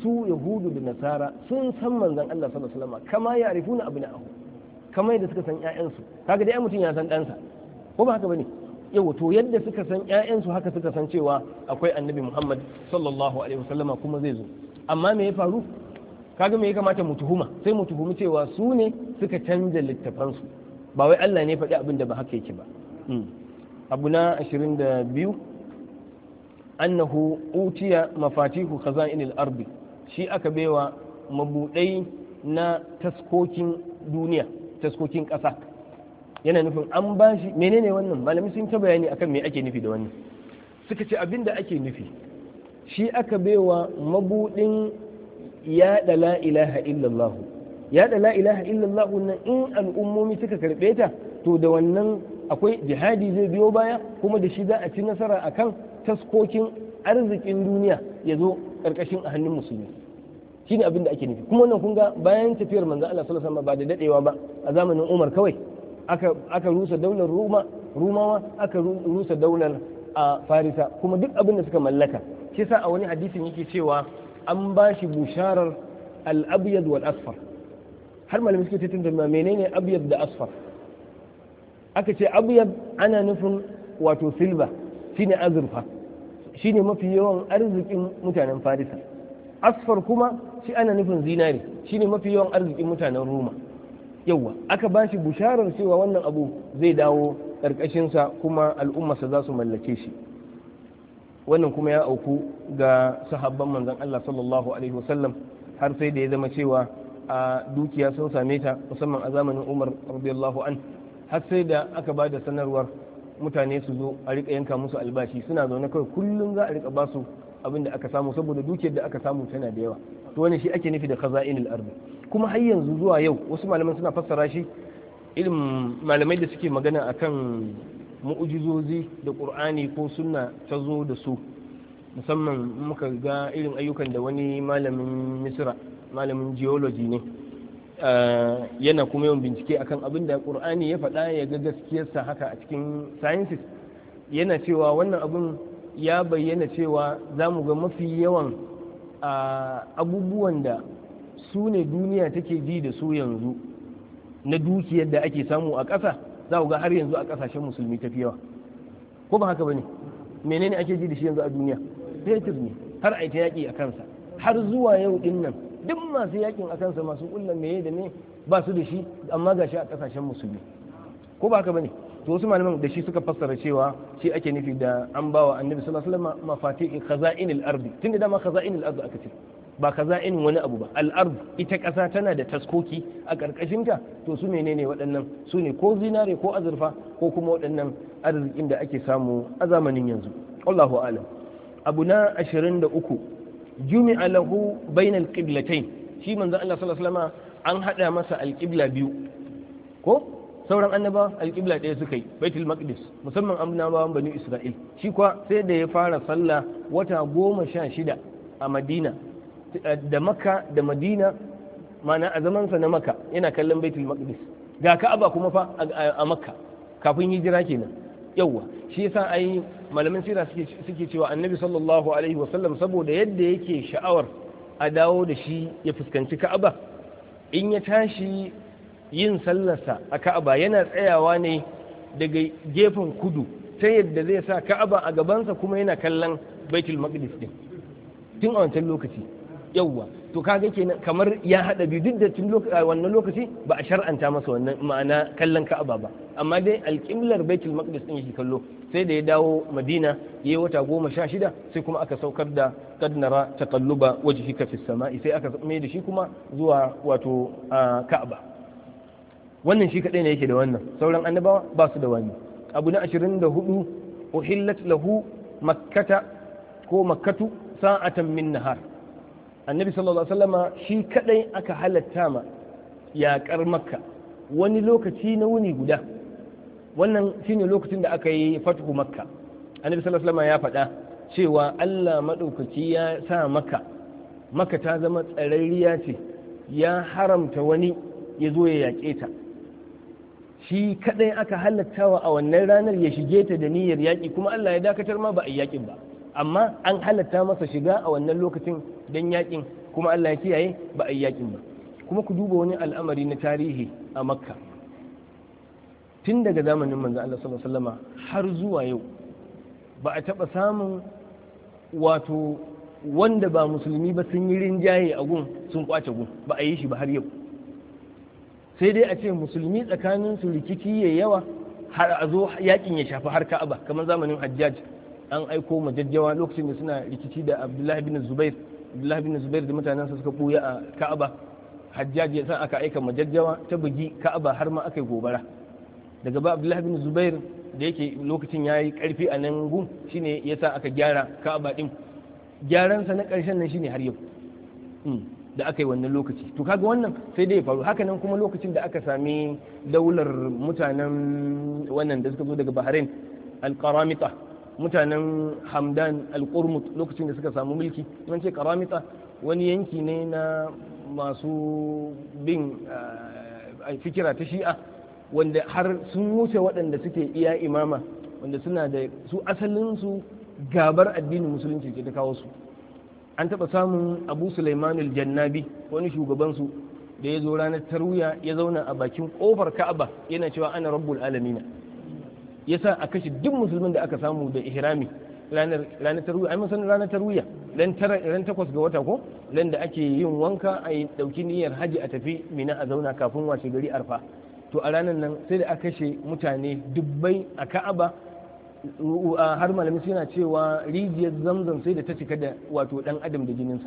su yahudu da nasara sun san manzon Allah sallallahu alaihi wasallam kama ya arifuna abna'ahu kamar yadda suka san ƴaƴansu kaga dai mutum ya san ɗansa ko ba haka bane Yau, to yadda suka san ƴaƴansu haka suka san cewa akwai annabi Muhammad sallallahu alaihi wasallama kuma zai zo amma me ya faru kaga me ya kamata mu tuhuma sai mu tuhumi cewa su ne suka canja littafansu ba wai Allah ne faɗi abin da ba haka yake ba hmm. abu na 22 annahu utiya mafatihu khaza'inil ardi shi aka baiwa mabudai na taskokin duniya taskokin ƙasa yana nufin an ba shi menene wannan malami sun ta bayani akan me ake nufi da wannan suka ce abin da ake nufi shi aka baiwa mabudin yaɗa la ilaha illallah yaɗa la ilaha illallah nan in al'ummomi suka karɓe ta to da wannan akwai jihadi zai biyo baya kuma da shi za a ci nasara akan taskokin arzikin duniya ya zo ƙarƙashin a hannun musulmi shine abin da ake nufi kuma wannan kun ga bayan tafiyar manzo Allah sallallahu alaihi wasallam ba da dadewa ba a zamanin Umar kawai aka aka rusa daular Roma Rumawa aka rusa daular a Farisa kuma duk abin da suka mallaka shi yasa a wani hadisin yake cewa an ba shi busharar al-abyad wal asfar har malamin suke tantance menene abyad da asfar aka ce abyad ana nufin wato silba shine azurfa shine mafi yawan arzikin mutanen farisa asfar kuma shi ana nufin zinari ne mafi yawan arzikin mutanen Roma yauwa aka ba shi busharar cewa wannan abu zai dawo ƙarƙashinsa kuma al'ummarsa za su mallake shi wannan kuma ya auku ga sahabban manzan Allah sallallahu alaihi wasallam har sai da ya zama cewa a dukiya sun same ta musamman a zamanin Umar radiyallahu an har sai da aka ba da sanarwar mutane su zo a rika yanka musu albashi suna zaune kawai kullum za a rika basu abin da aka samu saboda dukiyar da aka samu tana da yawa to wani shi ake nufi da khaza'inul ardi kuma har yanzu zuwa yau wasu malaman suna fassara shi ilm malamai da suke magana akan mu'ujizozi da qur'ani ko sunna ta zo da su musamman muka ga irin ayyukan da wani malamin misra malamin geology ne eh, yana kuma yawan bincike akan abin da qur'ani ya faɗa ya ga gaskiyarsa haka a cikin sciences yana cewa wannan abun ya bayyana cewa za mu ga mafi yawan A abubuwan da su ne duniya take ji da su yanzu na dukiyar da ake samu a ƙasa za ku ga har yanzu a ƙasashen musulmi tafi yawa ko ba haka ba ne, menene ake ji da shi yanzu a duniya fetur ne har a ta yaƙi a kansa har zuwa yau din nan duk masu yaƙin a kansa masu ƙulla meye da ne ba su da shi amma shi a ƙasashen musulmi ko ba haka ba ne. to wasu malaman da shi suka fassara cewa shi ake nufi da an bawa annabi sallallahu alaihi wasallam mafatihi khaza'inil ardi tunda dama khaza'inil ardi aka ce ba khaza'in wani abu ba al-ard ita ƙasa tana da taskoki a ƙarƙashinta to su menene waɗannan su ne ko zinare ko azurfa ko kuma waɗannan arzikin da ake samu a zamanin yanzu Allahu alam abu na 23 jumi'a lahu bainal qiblatayn shi manzo Allah sallallahu alaihi wasallam an hada masa al-qibla biyu ko sauran annaba a ɗaya suka yi baitul maqdis musamman annabawan bani isra'il shi kuwa sai da ya fara sallah wata goma sha shida a madina da makka da madina mana a zamansa na makka yana kallon baitul maqdis ga ka'aba kuma fa a makka kafin hijira kenan yawwa shi yasa ai malamin sira suke cewa annabi sallallahu alaihi wasallam saboda yadda yake sha'awar a dawo da shi ya fuskanci ka'aba in ya tashi yin sallarsa a ka'aba yana tsayawa ne daga gefen kudu ta yadda zai sa ka'aba a gabansa kuma yana kallon baitul maqdis din tun a wancan lokaci yawwa to kaga kenan kamar ya hada biyu duk da tun wannan lokaci ba a shar'anta masa wannan ma'ana kallon ka'aba ba amma dai alƙiblar baitul maqdis din shi kallo sai da ya dawo madina yayi wata goma sha shida sai kuma aka saukar da kad nara taqalluba wajhika fis sama'i sai aka mai da shi kuma zuwa wato ka'aba wannan shi kaɗai ne yake da wannan sauran annabawa ba su da wani abu na 24 uhillat lahu makkata ko makkatu sa'atan min nahar annabi sallallahu alaihi wasallama shi kaɗai aka halatta ma yaƙar makka wani lokaci na wuni guda wannan shine lokacin da aka yi fathu makka annabi sallallahu alaihi ya faɗa cewa Allah madaukaki ya sa maka maka ta zama tsararriya ce ya haramta wani ya zo ya yaƙe ta shi kadai aka halatta wa a wannan ranar ya shige ta da niyyar yaƙi kuma Allah ya dakatar ma ba a yaƙin ba amma an halatta masa shiga a wannan lokacin don yaƙin kuma Allah ya kiyaye ba a yaƙin ba kuma ku duba wani al'amari na tarihi a makka tun daga zamanin manzo Allah sallallahu alaihi har zuwa yau ba a taɓa samun wato wanda ba musulmi ba sun yi rinjaye a gun sun kwace gun ba a yi shi ba har yau sai dai a ce musulmi tsakanin su rikici ya yawa har a zo yakin ya shafi har ka'aba kamar zamanin hajjaj an aiko majajjawa lokacin da suna rikici da abdullahi bin zubair abdullahi bin zubair da mutanensa suka buya a ka'aba hajjaj ya san aka aika majajjawa ta bugi ka'aba har ma aka yi gobara daga ba abdullahi bin zubair da yake lokacin yayi karfi a nan gun shine yasa aka gyara ka'aba din gyaran sa na karshen nan shine har yau hmm. da aka yi wannan lokaci to kaga wannan sai dai ya faru haka nan kuma lokacin da aka sami daular mutanen wannan da suka zo daga Bahrain al-Qaramita mutanen Hamdan al-Qurmut lokacin da suka samu mulki mun ce Qaramita wani yanki ne na masu bin eh, fikira ta shi'a wanda har sun wuce waɗanda suke iya imama wanda suna da su asalin su gabar addinin musulunci ke ta kawo su an taɓa samun abu sulaimanul jannabi wani shugabansu da ya zo ranar tarwiya ya zauna a bakin ƙofar ka'aba yana cewa ana rabbul alamina ya sa a kashe duk musulmin da aka samu da ihrami ranar tarwiya ai musan ranar tarwiya ran takwas ga wata ko ran da ake yin wanka a yi ɗauki niyyar haji a tafi mina a zauna kafin wace gari arfa to a ranar nan sai da aka kashe mutane dubbai a ka'aba har malami suna cewa rijiyar zamzam sai da ta cika da wato dan adam da jininsa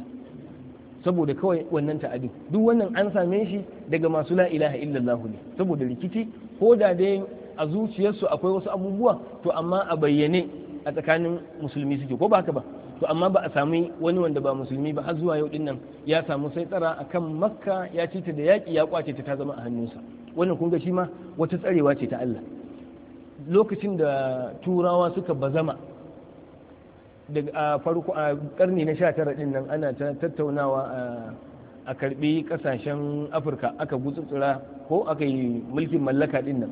saboda kawai wannan ta'adin duk wannan an same shi daga masu la'ilaha ilaha illallah ne saboda rikici ko da dai a zuciyarsu akwai wasu abubuwa to amma a bayyane a tsakanin musulmi suke ko ba haka ba to amma ba a sami wani wanda ba musulmi ba har zuwa yau din nan ya samu sai tsara akan makka ya ci ta da yaƙi ya kwace ta ta zama a hannunsa wannan kun ga shi ma wata tsarewa ce ta Allah lokacin da turawa suka bazama daga farko a karni na 19 din nan ana tattaunawa a karbi kasashen afirka aka gutsutsura ko aka yi mulkin mallaka din nan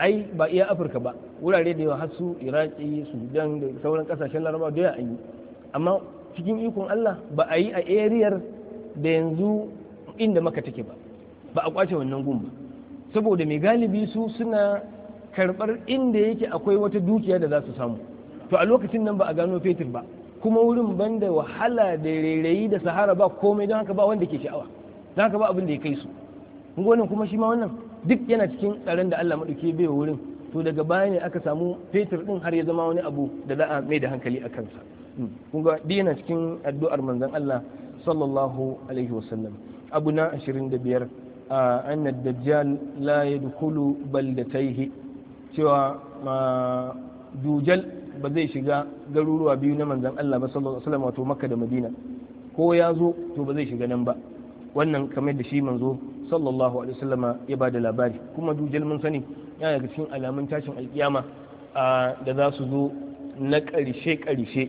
ai ba iya afirka ba wurare da yawa har su iraki sudan da sauran kasashen larabawa da yawa yi amma cikin ikon allah ba a yi a eriyar da yanzu inda maka take ba ba a kwace wannan gun ba saboda mai galibi su suna karɓar inda yake akwai wata dukiya da za su samu to a lokacin nan ba a gano fetur ba kuma wurin banda wahala da rairayi da sahara ba komai don haka ba wanda ke sha'awa don haka ba abin da ya kai su gonan kuma shi ma wannan duk yana cikin tsaron da Allah maɗauke bai wurin to daga baya ne aka samu fetur ɗin har ya zama wani abu da za a mai da hankali a kansa hmm. kun ga duk yana cikin addu'ar manzon Allah sallallahu alaihi wasallam abu na 25 anna dajjal la yadkhulu baldatayhi cewa dujal ba zai shiga garuruwa biyu na manzan Allah ba sallallahu alaihi wato makka da madina ko ya zo to ba zai shiga nan ba wannan kamar da shi manzo sallallahu alaihi wasallam ya ba da labari kuma dujal mun sani yana daga cikin alamun tashin alkiyama da za su zo na ƙarshe ƙarshe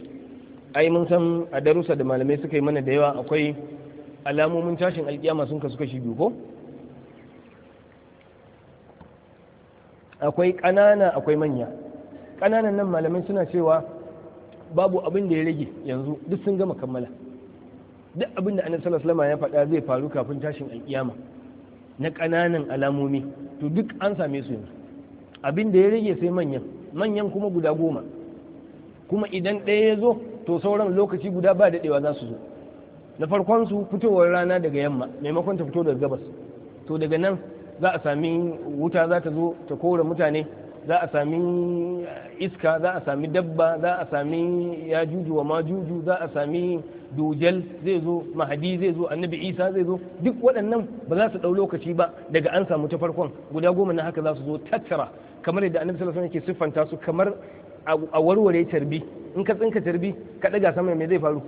ai mun san a darussa da malamai suka yi mana da yawa akwai alamomin tashin alkiyama sun kasu kashi biyu ko akwai ƙanana akwai manya ƙananan nan malamai suna cewa babu abin da ya rage yanzu duk sun gama kammala duk abin da annabi sallallahu alaihi ya faɗa zai faru kafin tashin alkiyama na ƙananan alamomi to duk an same su yanzu abin da ya rage sai manyan manyan kuma guda goma kuma idan ɗaya ya zo to sauran lokaci guda ba daɗewa za su zo na farkon su fitowar rana daga yamma maimakon ta fito daga gabas to daga nan za a sami wuta za ta zo ta kore mutane za a sami iska za a sami dabba za a sami ya juju wa majuju za a sami dujal zai zo mahadi zai zo annabi isa zai zo duk waɗannan ba za su ɗau lokaci ba daga an samu ta farkon guda goma na haka za su zo tattara kamar yadda annabi sallallahu alaihi siffanta su kamar a warware tarbi in ka tsinka tarbi ka ɗaga sama me zai faru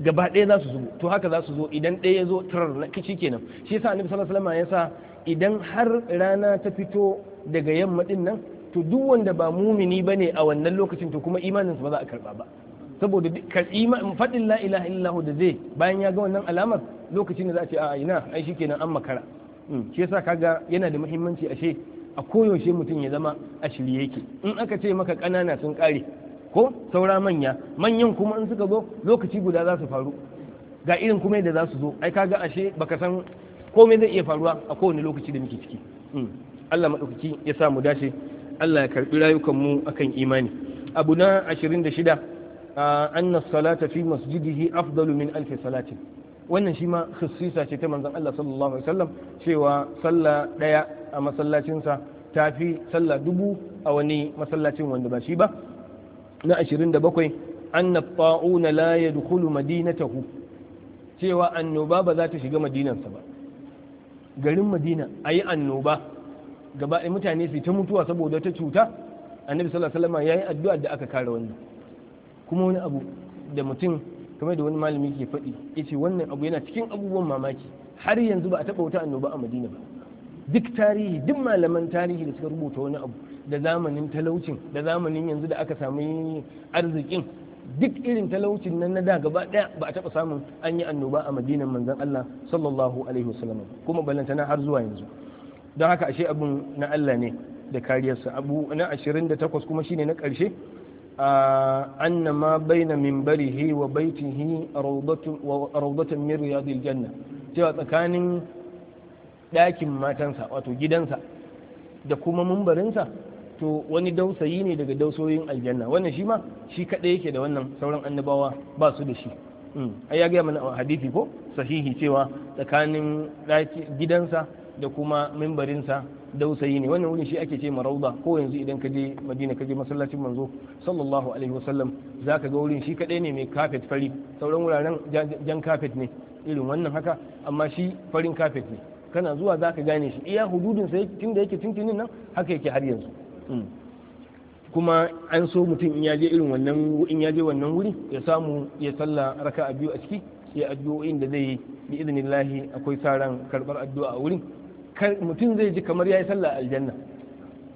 gaba ɗaya za su zo to haka za su zo idan ɗaya ya zo tarar na kici kenan shi yasa annabi sallallahu alaihi ya sa idan har rana ta fito daga yamma din nan to duk wanda ba mumini bane a wannan lokacin to kuma imaninsa ba za a karba ba saboda faɗin la ilaha illallah da zai bayan ya ga wannan alamar lokacin da za a ce a ina ai shikenan an makara hmm, shi yasa kaga yana da muhimmanci ashe a koyaushe mutum ya zama a shirye yake in aka ce maka ƙanana sun ƙare ko saura manya manyan kuma in suka zo lokaci guda za su faru ga irin kuma yadda za su zo ai kaga ashe baka san komai zai iya faruwa a kowane lokaci da muke ciki hmm. Allah maɗaukaki ya sa mu dace Allah ya karɓi rayukanmu akan imani abu na 26 anna salata fi masjidihi afdalu min alfi salatin wannan shi ma khususa ce ta manzon Allah sallallahu alaihi wasallam cewa sallah daya a masallacinsa ta fi sallah dubu a wani masallacin wanda ba shi ba na 27 anna ta'una la yadkhulu madinatahu cewa annoba ba za ta shiga madinarsa ba garin madina a yi annoba gaba ɗaya mutane su ta mutuwa saboda ta cuta annabi sallallahu alaihi wasallam ya yi addu'a da aka kare wannan kuma wani abu da mutum kamar da wani malami ke faɗi yace wannan abu yana cikin abubuwan mamaki har yanzu ba a taɓa wuta annoba a madina ba duk tarihi duk malaman tarihi da suka rubuta wani abu da zamanin talaucin da zamanin yanzu da aka samu arzikin duk irin talaucin nan na da gaba daya ba a taba samun an yi annoba a madinan manzon Allah sallallahu alaihi wasallam kuma balantana har zuwa yanzu don haka ashe abun na Allah ne da kariyarsa abu na 28 kuma shine na karshe anna ma baina minbarihi wa baitihi rawdatun min riyadil janna cewa tsakanin ɗakin matansa wato gidansa da kuma mumbarinsa to wani dausayi ne daga dausoyin aljanna wannan shi ma shi kaɗai yake da wannan sauran annabawa ba su da shi hmm. a ya gaya mana hadisi ko sahihi cewa tsakanin gidansa da kuma mimbarinsa dausayi ne wannan wurin shi ake ce marauda ko yanzu idan ka je madina ka je masallacin manzo sallallahu alaihi wasallam ka ga wurin shi kadai ne mai kafet fari sauran wuraren jan kafet ne irin wannan haka amma shi farin kafet ne kana zuwa za ka gane shi iya hududinsa sa tun da yake tuntunin nan haka yake har yanzu Mm. kuma an so mutum in yaje irin wannan in yaje wannan wuri ya samu ya salla raka'a biyu a ciki ya addu'o'in da zai yi bi idnillahi akwai saran karbar addu'a a wurin mutum zai ji kamar yayi sallah aljanna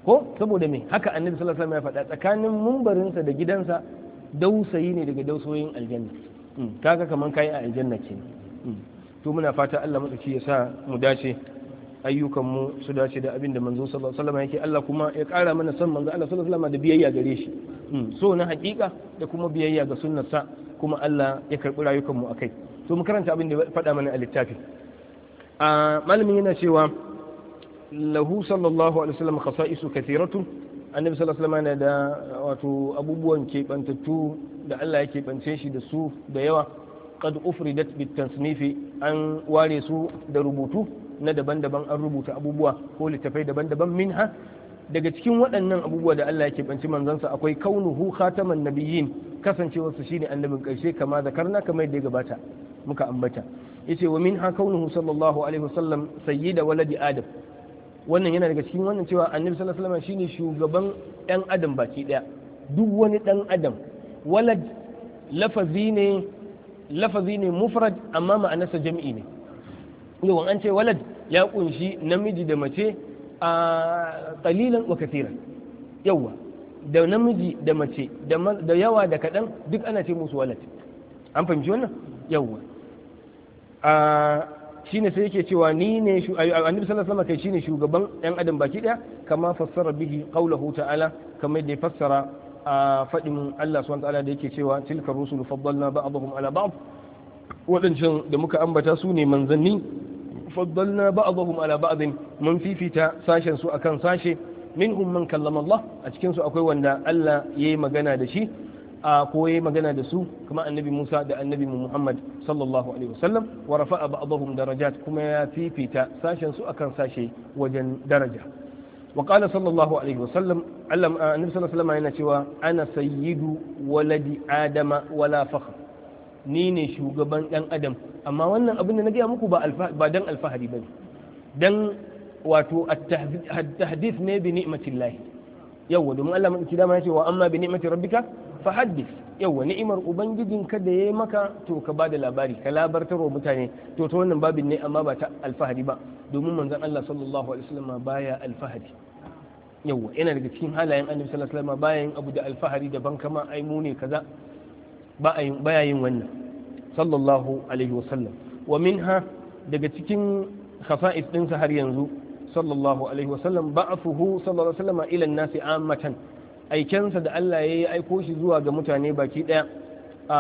ko saboda me haka annabi sallallahu alaihi wasallam ya faɗa tsakanin sa da gidansa dausayi ne daga dausoyin aljanna mm. kaga kaman kai a aljanna ce mm. to muna fata Allah madauki ya sa mu dace ayyukanmu su dace da abin da manzo sallallahu alaihi yake Allah kuma ya kara mana son manzo Allah sallallahu alaihi da biyayya gare shi mm, so na hakika da kuma biyayya ga sunnarsa kuma Allah ya karɓi rayukanmu akai To mu karanta abin da faɗa mana a littafi a malamin yana cewa lahu sallallahu alaihi wasallam khasa'isu kathiratu annabi sallallahu alaihi yana da wato abubuwan keɓantattu da Allah ya kebance shi da su da yawa qad ufridat bit tasnifi an ware su da rubutu na daban-daban an rubuta abubuwa ko littafai daban-daban minha daga cikin waɗannan abubuwa da Allah yake banci manzansa akwai kaunuhu khataman nabiyyin kasancewarsa shine annabin ƙarshe kama zakarna kamar da ya gabata muka ambata yace wa minha kaunuhu sallallahu alaihi wasallam sayyida waladi adam wannan yana daga cikin wannan cewa annabi sallallahu alaihi wasallam shine shugaban ɗan adam baki ɗaya duk wani ɗan adam walad lafazi ne lafazi ne mufrad amma ma'anarsa jam'i ne yawan an ce walad ya kunshi namiji da mace a kalilan wa kasiran yawa da namiji da mace da yawa da kaɗan duk ana ce musu walad an fahimci wannan yawa shi ne sai yake cewa ni ne annabi sallallahu alaihi kai shine shugaban yan adam baki daya kama fassara bihi qaulahu ta'ala kama yadda ya fassara a fadin Allah subhanahu ta'ala da yake cewa tilka rusulu faddalna ba'dahum ala ba'd wadancan da muka ambata su ne manzanni faddalna ba'dahum ala ba'din mun fifita sashen su akan sashe minhum man kallama Allah a cikin su akwai wanda Allah ya yi magana da shi a magana da su kuma annabi Musa da annabi Muhammad sallallahu alaihi wasallam wa rafa'a ba'dahum darajat kuma ya fifita sashen su akan sashe wajen daraja wa qala sallallahu alaihi wasallam annabi sallallahu yana cewa ana sayyidu waladi adama wala fakhr ni ne shugaban ɗan adam amma wannan abin da na gaya muku ba dan alfahari ba ne dan wato at-tahdith ne bi ni'matillahi yawwa domin Allah mai kidama ya ce wa amma bi ni'mati rabbika fa haddith yawwa ni'imar ubangijinka da yayi maka to ka bada labari ka labartarwa mutane to ta wannan babin ne amma ba ta alfahari ba domin manzon Allah sallallahu alaihi wasallam baya alfahari yawwa yana daga cikin halayen annabi sallallahu alaihi wasallam bayan abu da alfahari daban kama ai mu ne kaza baya yin wannan sallallahu alaihi wasallam wa minha daga cikin khasa'is ɗinsa har yanzu sallallahu alaihi wasallam ba'athuhu sallallahu alaihi wasallam ila nasi ammatan aikensa da Allah ya yi aiko shi zuwa ga mutane baki ɗaya a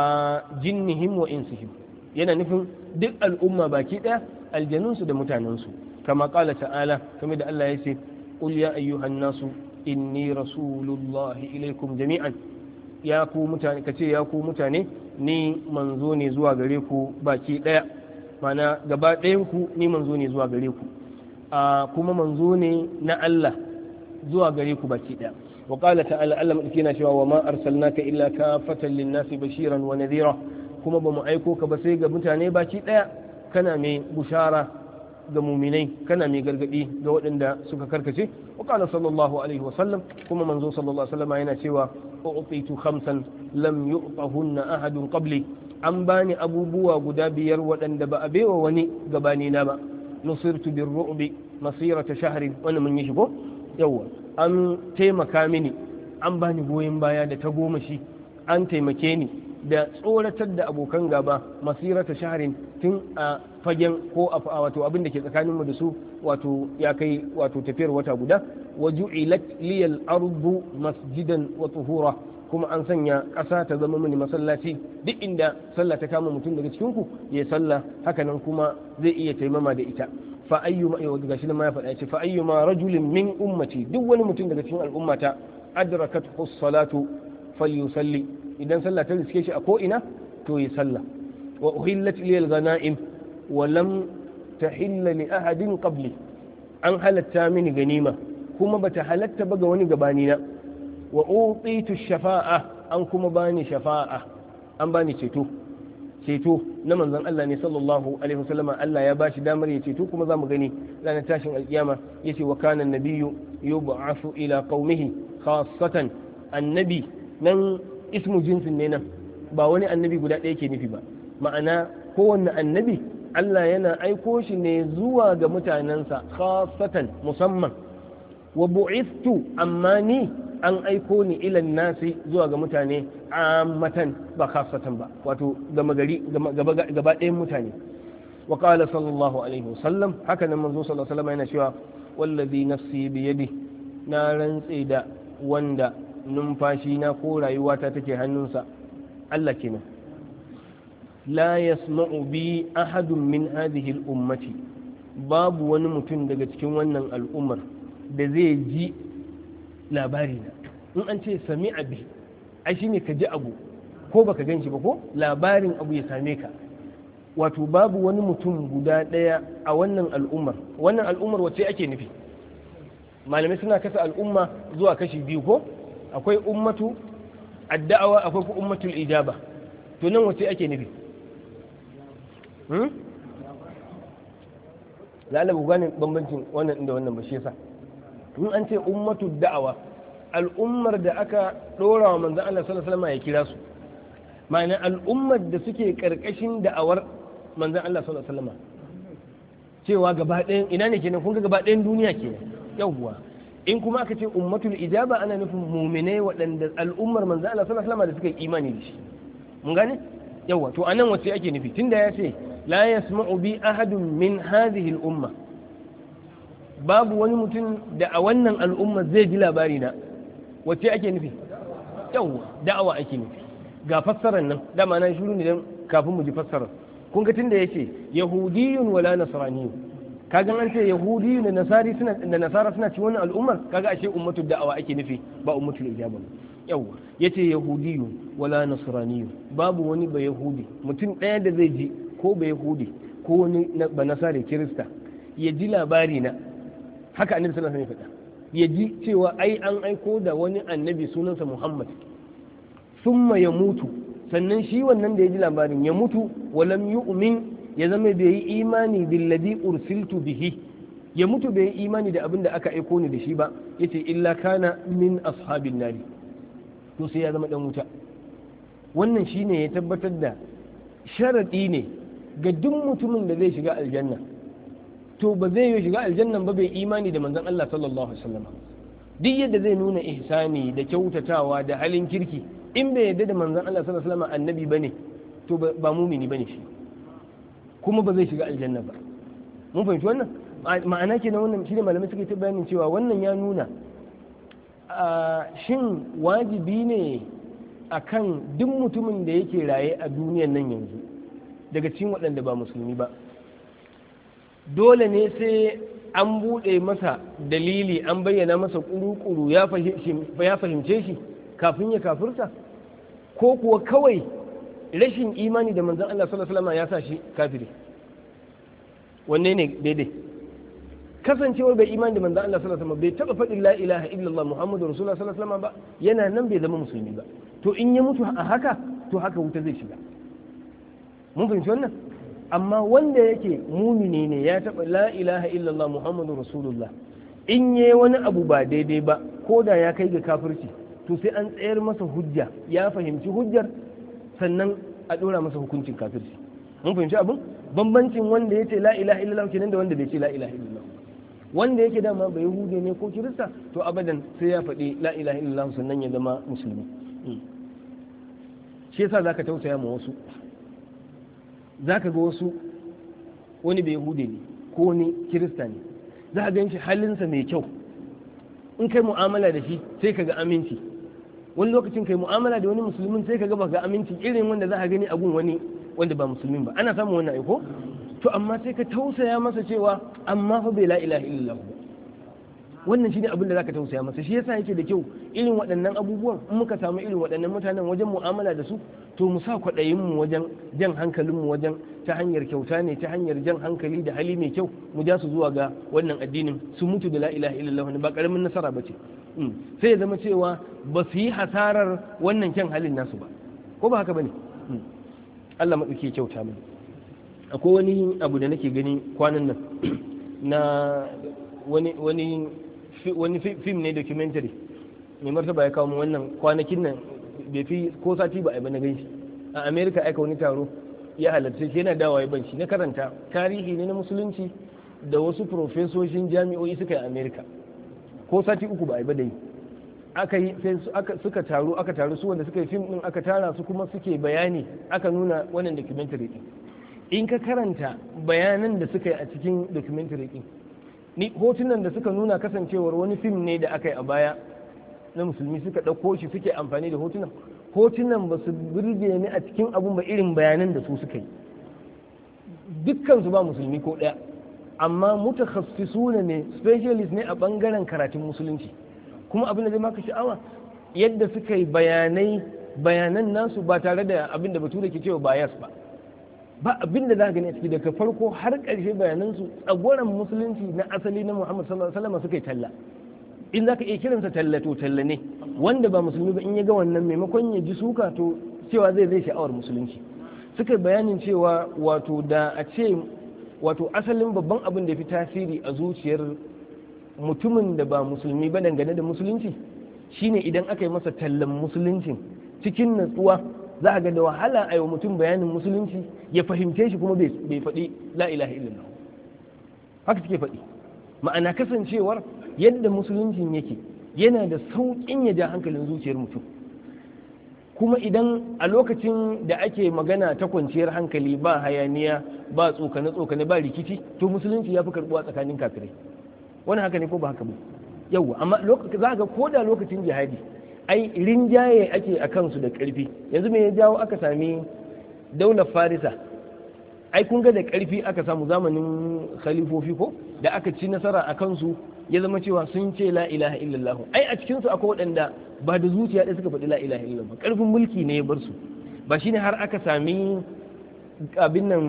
jinnihim wa insihim yana nufin duk al'umma baki ɗaya aljanunsu da mutanensu kama kala ta'ala kamar da Allah ya ce qul ya ayyuhan nasu inni rasulullahi ilaikum jami'an ya ku mutane ka ce ya ku mutane ni manzo ne zuwa gare ku baki daya mana gaba ɗayan ku ni manzo ne zuwa gare ku kuma manzo ne na Allah zuwa gare ku baki daya wa qala ta'ala Allah madaki na cewa wa ma arsalnaka illa kafatan lin-nasi bashiran wa nadhira kuma ba mu aiko ka ba sai ga mutane baki daya kana mai bushara ga muminai kana mai gargadi ga waɗanda suka karkace wa kana sallallahu alaihi wasallam kuma manzo sallallahu alaihi wasallam yana cewa u'titu khamsan lam yu'tahunna ahadun qabli an bani abubuwa guda biyar waɗanda ba a baiwa wani gabani na ba nusirtu birru'bi masirata shahri wani mun yi shigo yawa an taimaka mini an bani goyon baya da ta goma shi an taimake ni da tsoratar da abokan gaba masirata shaharin tun a fagen ko a wato abin da ke tsakanin mu da su wato ya kai wato tafiyar wata guda wa ju'ilat liyal ardu masjidan wa tuhura kuma an sanya ƙasa ta zama mini masallaci duk inda sallah ta kama mutum daga cikin ku ya sallah haka nan kuma zai iya taimama da ita fa ayyuma ayo daga shi ma ya faɗa ce fa ayyuma rajulin min ummati duk wani mutum daga cikin al'ummata adrakat hus salatu falyusalli idan sallah ta riske shi a ko ina to yi sallah wa uhillat lil ghanaim wa lam tahilla li ahadin qabli an halatta mini ganima kuma bata halatta ba ga wani gabani na wa utitu shafa'a an kuma bani shafa'a an bani ceto ceto na manzon Allah ne sallallahu alaihi wasallam Allah ya bashi damar ya ceto kuma zamu gani ranar tashin alkiyama yace wa kana nabiyyu yub'athu ila qaumihi khassatan annabi nan ismu jinsin ne nan ba wani annabi guda ɗaya ke nufi ba ma'ana kowanne annabi Allah yana aiko shi ne zuwa ga mutanensa khasatan musamman wa bu'istu amma ni an aiko ni ilan nasi zuwa ga mutane ammatan ba khasatan ba wato gama gari gaba ɗayan mutane wa qala sallallahu alaihi wa sallam haka nan manzo sallallahu alaihi wa sallam yana cewa wallazi nafsi biyadi na rantse da wanda numfashi na ko rayuwata take hannunsa Allah kenan la yasma'u bi ahadun min hadhihi al-ummati babu wani mutum daga cikin wannan al'ummar da zai ji labari na in an ce sami abi ai shine ka ji abu ko baka gan shi ba ko labarin abu ya same ka wato babu wani mutum guda ɗaya a wannan al'ummar wannan al'ummar wacce ake nufi malamai suna kasa al'umma zuwa kashi biyu ko akwai ummatu adda'awa akwai ku ummatul ijaba to nan wace ake nufi hmm lalaba gane bambancin wannan inda wannan ba shi yasa in an ce ummatu da'awa al'ummar da aka dora wa manzon Allah sallallahu alaihi wasallam ya kira su ma'ana al'ummar da suke karkashin da'awar manzon Allah sallallahu alaihi wasallam cewa gaba ɗayan ina ne kenan kun ga gaba ɗayan duniya kenan yauwa in kuma aka ce ummatul ijaba ana nufin muminai waɗanda al'ummar manzo Allah sallallahu alaihi da suka yi imani da shi mun gane yawa to anan wace ake nufi tunda ya ce la yasma'u bi ahadun min hadhihi al'umma umma babu wani mutum da a wannan al'umma zai ji labari na wace ake nufi yawa da'awa ake nufi ga fassarar nan da ma'ana shiru ne dan kafin mu ji fassarar kun ga tunda yace yahudiyun wala nasraniyun kaga an ce yahudi da nasari suna da nasara suna ci wannan al'ummar kaga ashe ummatu da'awa ake nufi ba ummatul ijaba ba yawa yace yahudiyu wala nasrani babu wani ba yahudi mutum ɗaya da zai ji ko ba yahudi ko wani ba nasari kirista ya ji labari na haka annabi sallallahu alaihi wasallam ya ji cewa ai an aiko da wani annabi sunansa muhammad summa ya mutu sannan shi wannan da ya ji labarin ya mutu walam yu'min ya zama bai yi imani billadhi ursiltu bihi ya mutu bai yi imani da abin da aka aiko ni da shi ba yace illa kana min ashabin nari to sai ya zama dan wuta wannan shine ya tabbatar da sharadi ne ga duk mutumin da zai shiga aljanna to ba zai yi shiga aljannan ba bai imani da manzon Allah sallallahu alaihi wasallam duk yadda zai nuna ihsani da kyautatawa da halin kirki in bai yadda da manzon Allah sallallahu alaihi wasallam annabi bane to ba mumini bane shi kuma ba zai shiga aljanna ba mun fahimci wannan ma'ana kenan wannan shine malamai suka ta bayanin cewa wannan ya nuna shin wajibi ne akan duk mutumin da yake raye a duniyan nan yanzu daga cikin waɗanda ba musulmi ba dole ne sai an buɗe masa dalili an bayyana masa kuru-kuru ya fahimce shi kafin ya kafirta ko kuwa kawai rashin imani da manzan Allah sallallahu alaihi wasallam ya sa shi kafiri wanne ne daidai kasancewar bai imani da manzan Allah sallallahu alaihi wasallam bai taba faɗin la ilaha illallah muhammadu rasulullah sallallahu alaihi wasallam ba yana nan bai zama musulmi ba to in ya mutu a haka to haka wuta zai shiga mun fahimci wannan amma wanda yake mumini ne ya taba la ilaha illallah muhammadu rasulullah in ya wani abu ba daidai ba ko da ya kai ga kafirci to sai an tsayar masa hujja ya fahimci hujjar sannan a dora masa hukuncin kafirci mun fahimci abin bambancin wanda ya ce la ilaha illallah kenan da wanda bai ce la ilaha illallah wanda yake dama bai hude ne ko kirista to abadan sai ya faɗi la ilaha illallah sannan ya zama musulmi hmm. shi yasa zaka tausaya ma wasu ka ga wasu wani bai hude ne ko wani kirista ne za a ganshi shi halinsa mai kyau in kai mu'amala da shi sai ka ga aminci wani lokacin kai mu'amala da wani musulmin sai ka ga ga aminci irin wanda za a gani a gun wani wanda ba musulmin ba ana samun wannan aiko to amma sai ka tausaya masa cewa amma fa bai la ilaha illallah wannan shine abin da zaka tausaya masa shi yasa yake da kyau irin waɗannan abubuwan in muka samu irin waɗannan mutanen wajen mu'amala da su to mu sa kwaɗayin mu wajen jan hankalin mu wajen ta hanyar kyauta ne ta hanyar jan hankali da hali mai kyau mu ja su zuwa ga wannan addinin su mutu da la ilaha illallah ba karamin nasara bace mm. sai ya zama cewa ba su yi hasarar wannan kyan halin nasu ba ko ba haka bane mm. Allah maɗauki kyauta mu akwai wani abu da nake gani kwanan nan na wani wani fim ne documentary mai martaba ya kawo mu wannan kwanakin nan bai fi ko sati ba a yi gan shi a america aika wani taro ya halarci shi yana dawa ban shi na karanta tarihi ne na musulunci da wasu profesoshin jami'o'i suka yi a america ko sati uku ba a yi ba da yi aka yi sai suka taru aka taru su wanda suka yi fim din aka tara su kuma suke bayani aka nuna wannan documentary din in ka karanta bayanan da suka yi a cikin documentary din ni hotunan da suka nuna kasancewar wani fim ne da aka yi a baya na musulmi suka ɗauko shi suke amfani da hotunan hotunan ba su birge ni a cikin abun ba irin bayanan da su suka yi dukkan su ba musulmi ko ɗaya amma mutakhassisuna ne specialist ne a bangaren karatun musulunci kuma abin da zai maka sha'awa yadda suka yi bayanai bayanan nasu ba tare da abin da bature ke cewa bias ba ba abin da za gani a ciki daga farko har ƙarshe bayanansu tsagoran musulunci na asali na muhammad sallallahu alaihi suka yi talla in zaka iya kiransa talla to talla ne wanda ba musulmi ba in ya ga wannan maimakon ya ji suka to cewa zai zai sha'awar musulunci suka bayanin cewa wato da a ce wato asalin babban abin da ya fi tasiri a zuciyar mutumin da ba musulmi ba dangane da musulunci shine idan aka yi masa tallan musuluncin cikin natsuwa za a ga da wahala a yi mutum bayanin musulunci ya fahimce shi kuma bai faɗi la ilaha illallah haka suke faɗi ma'ana kasancewar yadda musuluncin yake yana da sauƙin ya ja hankalin zuciyar mutum kuma idan a lokacin da ake magana ta kwanciyar hankali ba hayaniya ba tsokane-tsokane ba rikici to musulunci ya fi karɓuwa tsakanin kafirai wani haka ne ko ba haka ba yawwa amma za ga ko da lokacin jihadi ai rinjaye ake a kansu da ƙarfi yanzu me ya jawo aka sami daular farisa ai kun ga da ƙarfi aka samu zamanin khalifofi ko da aka ci nasara a kansu ya zama cewa sun ce la ilaha illallah ai a cikinsu akwai waɗanda ba da zuciya ɗaya suka faɗi la ilaha illallah ƙarfin mulki ne ya bar su ba shine har aka sami abin nan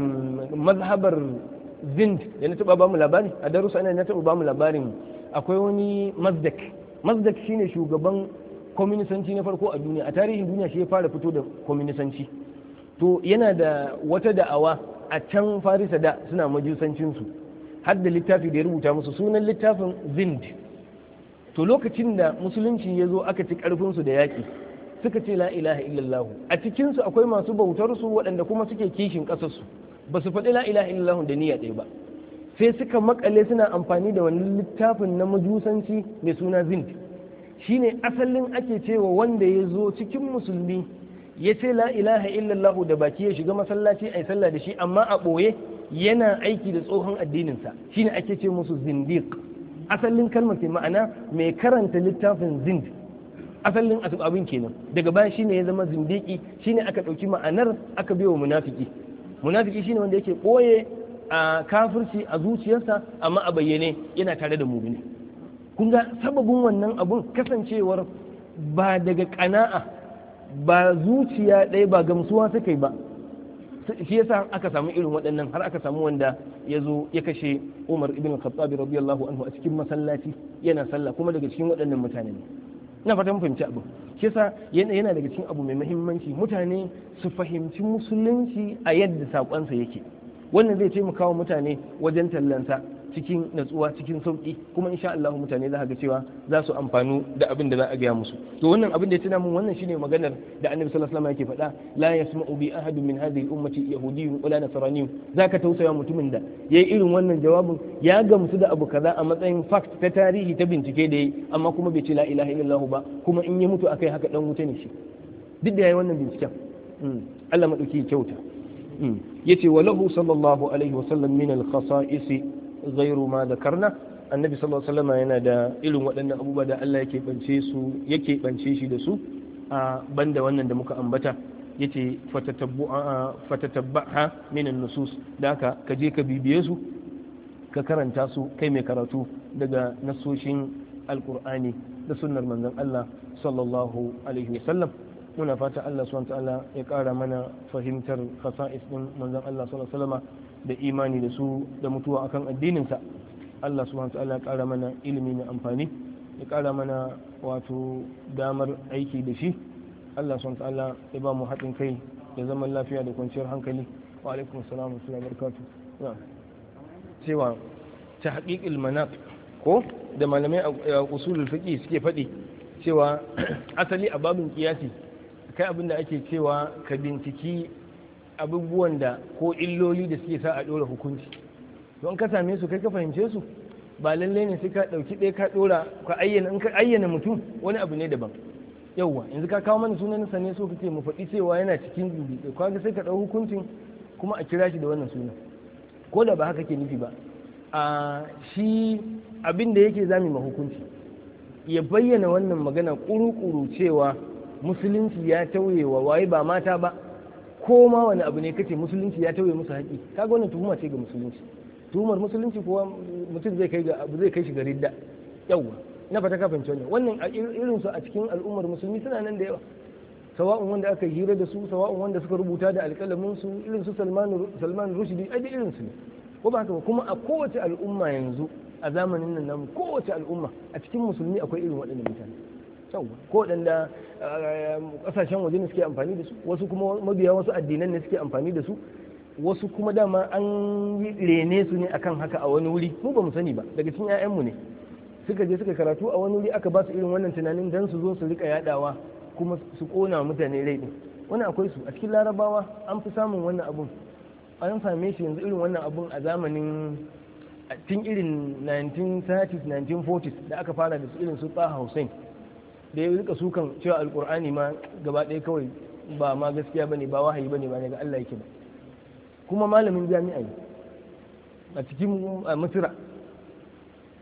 mazhabar zind da na taɓa bamu labari a darussa ina na taɓa bamu labarin akwai wani mazdak mazdak shine shugaban kwaminisanci na farko a duniya a tarihin duniya shi ya fara fito da kwaminisanci to yana da wata da'awa a can farisa da suna majusancinsu har da littafi da ya rubuta musu sunan littafin zind to lokacin da musulunci ya zo aka ci karfinsu da yaƙi suka ce la ilaha illallah a cikinsu akwai masu bautarsu waɗanda kuma suke kishin ƙasarsu ba su faɗi la ilaha illallah da niyya ɗaya ba sai suka makale suna amfani da wani littafin na majusanci mai suna zind Shi ne asalin ake cewa wanda ya zo cikin musulmi ya ce la ilaha illallahu da baki ya shiga masallaci a yi sallah da shi amma a ɓoye yana aiki da tsohon addininsa Shi ne ake ce musu zindiq asalin kalmar ke ma'ana mai karanta littafin zind asalin abin kenan daga baya ne ya zama zindiki shi ne aka ɗauki ma'anar aka biyo munafiki munafiki ne wanda yake ɓoye a kafirci a zuciyarsa amma a bayyane yana tare da mumini kun ga sababin wannan abun kasancewar ba daga kana'a ba zuciya ɗaya ba gamsuwa ta kai ba shi yasa aka samu irin waɗannan har aka samu wanda ya zo ya kashe Umar ibn Khattab radiyallahu anhu a cikin masallaci yana sallah kuma daga cikin waɗannan mutane ne na fatan fahimci abu shi yasa yana daga cikin abu mai muhimmanci mutane su fahimci musulunci a yadda saƙonsa yake wannan zai taimaka wa mutane wajen tallansa cikin natsuwa cikin sauki kuma insha Allah mutane za ga cewa za su amfanu da abin da za a gaya musu to wannan abin da ya tuna mun wannan shine maganar da Annabi sallallahu alaihi yake faɗa la yasma'u bi ahadu min hadhihi ummati yahudiyyun wala nasraniyyun zaka tausaya mutumin da yayi irin wannan jawabin ya gamsu da abu kaza a matsayin fact ta tarihi ta bincike da yayi amma kuma bai ce la ilaha illallah ba kuma in ya mutu akai haka dan wuta ne shi duk da yayi wannan binciken hmm. Allah madauki kyauta hmm. yace walahu sallallahu alaihi wasallam min al-khasa'isi Zairuma ma Karna, annabi sallallahu alaihi wasallam yana da irin waɗannan abubuwa da Allah yake bance su yake bance shi da su a banda wannan da muka ambata yace fatatabbaha min nusus da haka ka je ka bibiye su ka karanta su kai mai karatu daga nasoshin alkur'ani da sunnar manzon Allah sallallahu alaihi wasallam muna fata Allah subhanahu wa ta'ala ya kara mana fahimtar fasa'is din manzon Allah sallallahu alaihi wasallam da imani da su da mutuwa akan addininsa Allah subhanahu ta'ala ya ƙara mana ilimi na amfani ya ƙara mana wato damar aiki da shi Allah subhanahu ta'ala ya ba mu haɗin kai da zaman lafiya da kwanciyar hankali wa alaikum assalam wa barakatuh cewa tahqiqul manaq ko da malamai a usulul fiqh suke faɗi cewa asali a babin kiyasi kai abin da ake cewa ka binciki abubuwan da ko illoli da suke sa a ɗora hukunci don ka same su kai ka fahimce su ba lalle ne sai ka ɗauki ɗaya ka ɗora ka ayyana mutum wani abu ne daban yauwa yanzu ka kawo mana sunan sa ne so kake mu faɗi cewa yana cikin zubi kaga sai ka ɗau hukuncin kuma a kira shi da wannan sunan ko da ba haka ke nufi ba a shi abin da yake zami ma hukunci ya bayyana wannan magana kuru cewa musulunci ya tauye wa waye ba mata ba ko ma wani abu ne kace musulunci ya tauye musu haƙi kaga wannan tuhuma ce ga musulunci tuhumar musulunci kuwa mutum zai kai ga zai kai shi ga ridda yawwa na fata ka fahimci wannan wannan irin su a cikin al'ummar musulmi suna nan da yawa sawa'un wanda aka hira da su sawa'un wanda suka rubuta da alƙalamin su irin su Salman Salman Rushdie ai irin su ne ko ba haka kuma a kowace al'umma yanzu a zamanin nan namu kowace al'umma a cikin musulmi akwai irin waɗannan mutane ko waɗanda eh, ƙasashen waje ne suke amfani da su wasu kuma mabiya wasu addinan ne suke amfani da su wasu kuma dama an yi rene su ne akan haka a wani wuri mu ba mu sani ba daga cikin mu ne suka je suka karatu a wani wuri aka ba su irin wannan tunanin dan su zo su rika yadawa kuma su kona mutane rai din wani akwai su a cikin larabawa an fi samun wannan abun an same shi yanzu irin wannan abun a zamanin tun irin 1930s 1940s da aka fara da su irin su tsaha hussein da ya rika sukan cewa alkur'ani ma gaba ɗaya kawai ba ma gaskiya bane ba wahayi bane ba daga Allah yake ba kuma malamin jami'a ne a cikin mutura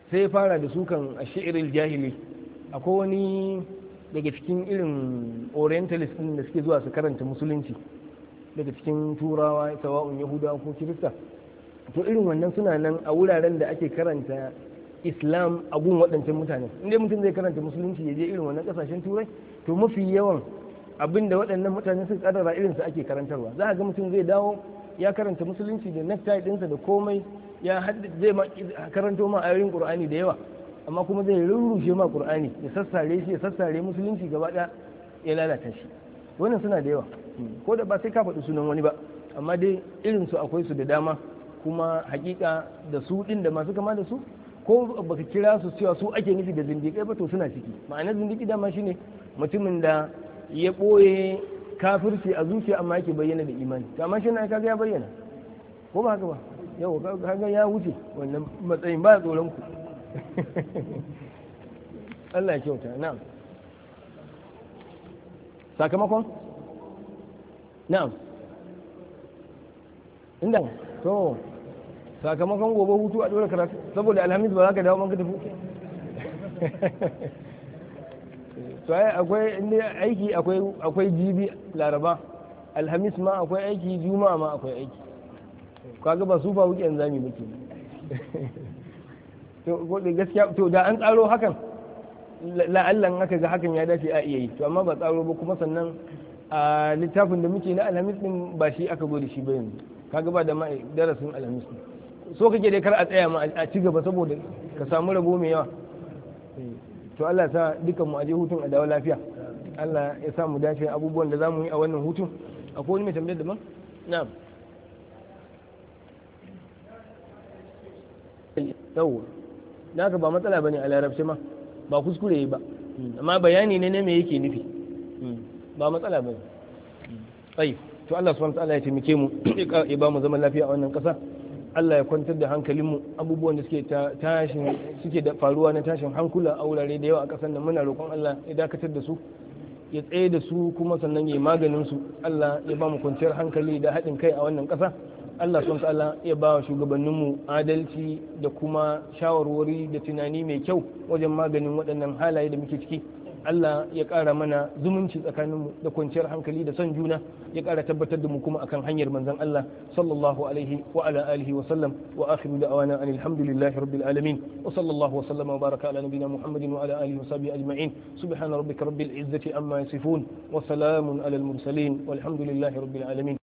sai ya fara da sukan a shi'iril jahili akwai wani daga cikin irin orientalist din da suke zuwa su karanta musulunci daga cikin turawa sawa'un yahudawa ko kirista to irin wannan suna nan a wuraren da ake karanta islam a gun waɗancan mutane inda mutum zai karanta musulunci ya je irin wannan ƙasashen turai to mafi yawan abin da waɗannan mutane suka kadara irin su ake karantarwa za a ga mutum zai dawo ya karanta musulunci da necktie ɗinsa da komai ya zai karanto ma ayoyin qur'ani da yawa amma kuma zai rurrushe ma qur'ani ya sassare shi ya sassare musulunci gaba ɗaya ya lalata shi wannan suna da yawa ko da ba sai ka faɗi sunan wani ba amma dai irin su akwai su da dama kuma hakika da su ɗin da masu kama da su ko baka kira su cewa su ake nufi da zindiƙai ba to suna ciki ma'anar zindiƙi dama shi ne mutumin da ya ɓoye kafirci a zuciya amma yake bayyana da imani kama shi na kaga ya bayyana ko ba haka ba yau kaga ya wuce wannan matsayin ba tsoron ku Allah ya kyauta na'am sakamakon na'am inda to sakamakon gobe hutu a dole karatu saboda alhamis ba za ka dawo man ka tafi to ai akwai inda aiki akwai akwai jibi laraba alhamis ma akwai aiki juma'a ma akwai aiki kaga ba su fa wuke yanzu zami muke to gaskiya to da an tsaro hakan la'allan aka ga hakan ya dace a iya yi to amma ba tsaro ba kuma sannan a littafin da muke na alhamis din ba shi aka gode shi ba yanzu kaga ba da darasin alhamis din so kake dai kar a tsaya ma a ci gaba saboda ka samu rabo mai yawa to Allah sa dukan mu aje hutun a dawo lafiya Allah ya sa mu dace abubuwan da zamu yi a wannan hutun akwai wani mai tambayar ban na'am yau da ba matsala bane a larabci ma ba kuskure ba amma bayani ne ne me yake nufi ba matsala bane ai to Allah subhanahu wa ta'ala ya taimake mu ya ba mu zaman lafiya a wannan kasa Allah ya kwantar da hankalinmu abubuwan da suke da faruwa na tashin hankula a wurare da yawa a ƙasar nan muna roƙon Allah ya dakatar da su ya tsaye da su kuma sannan ya yi maganin su Allah ya ba mu kwanciyar hankali da haɗin kai a wannan ƙasa Allah sun Allah ya ba wa shugabanninmu adalci da kuma shawarwari da tunani mai kyau wajen maganin waɗannan halaye da muke ciki Allah ya ƙara mana zumunci tsakaninmu da kwanciyar hankali da son juna ya ƙara tabbatar da mu kuma akan hanyar manzon Allah sallallahu alaihi wa ala alihi wa sallam wa akhiru da'wana anil hamdulillahi rabbil alamin wa sallallahu wa sallama wa baraka ala nabiyyina Muhammadin wa ala alihi wa sahbihi ajma'in subhana rabbika rabbil izzati amma yasifun wa salamun alal mursalin walhamdulillahi rabbil alamin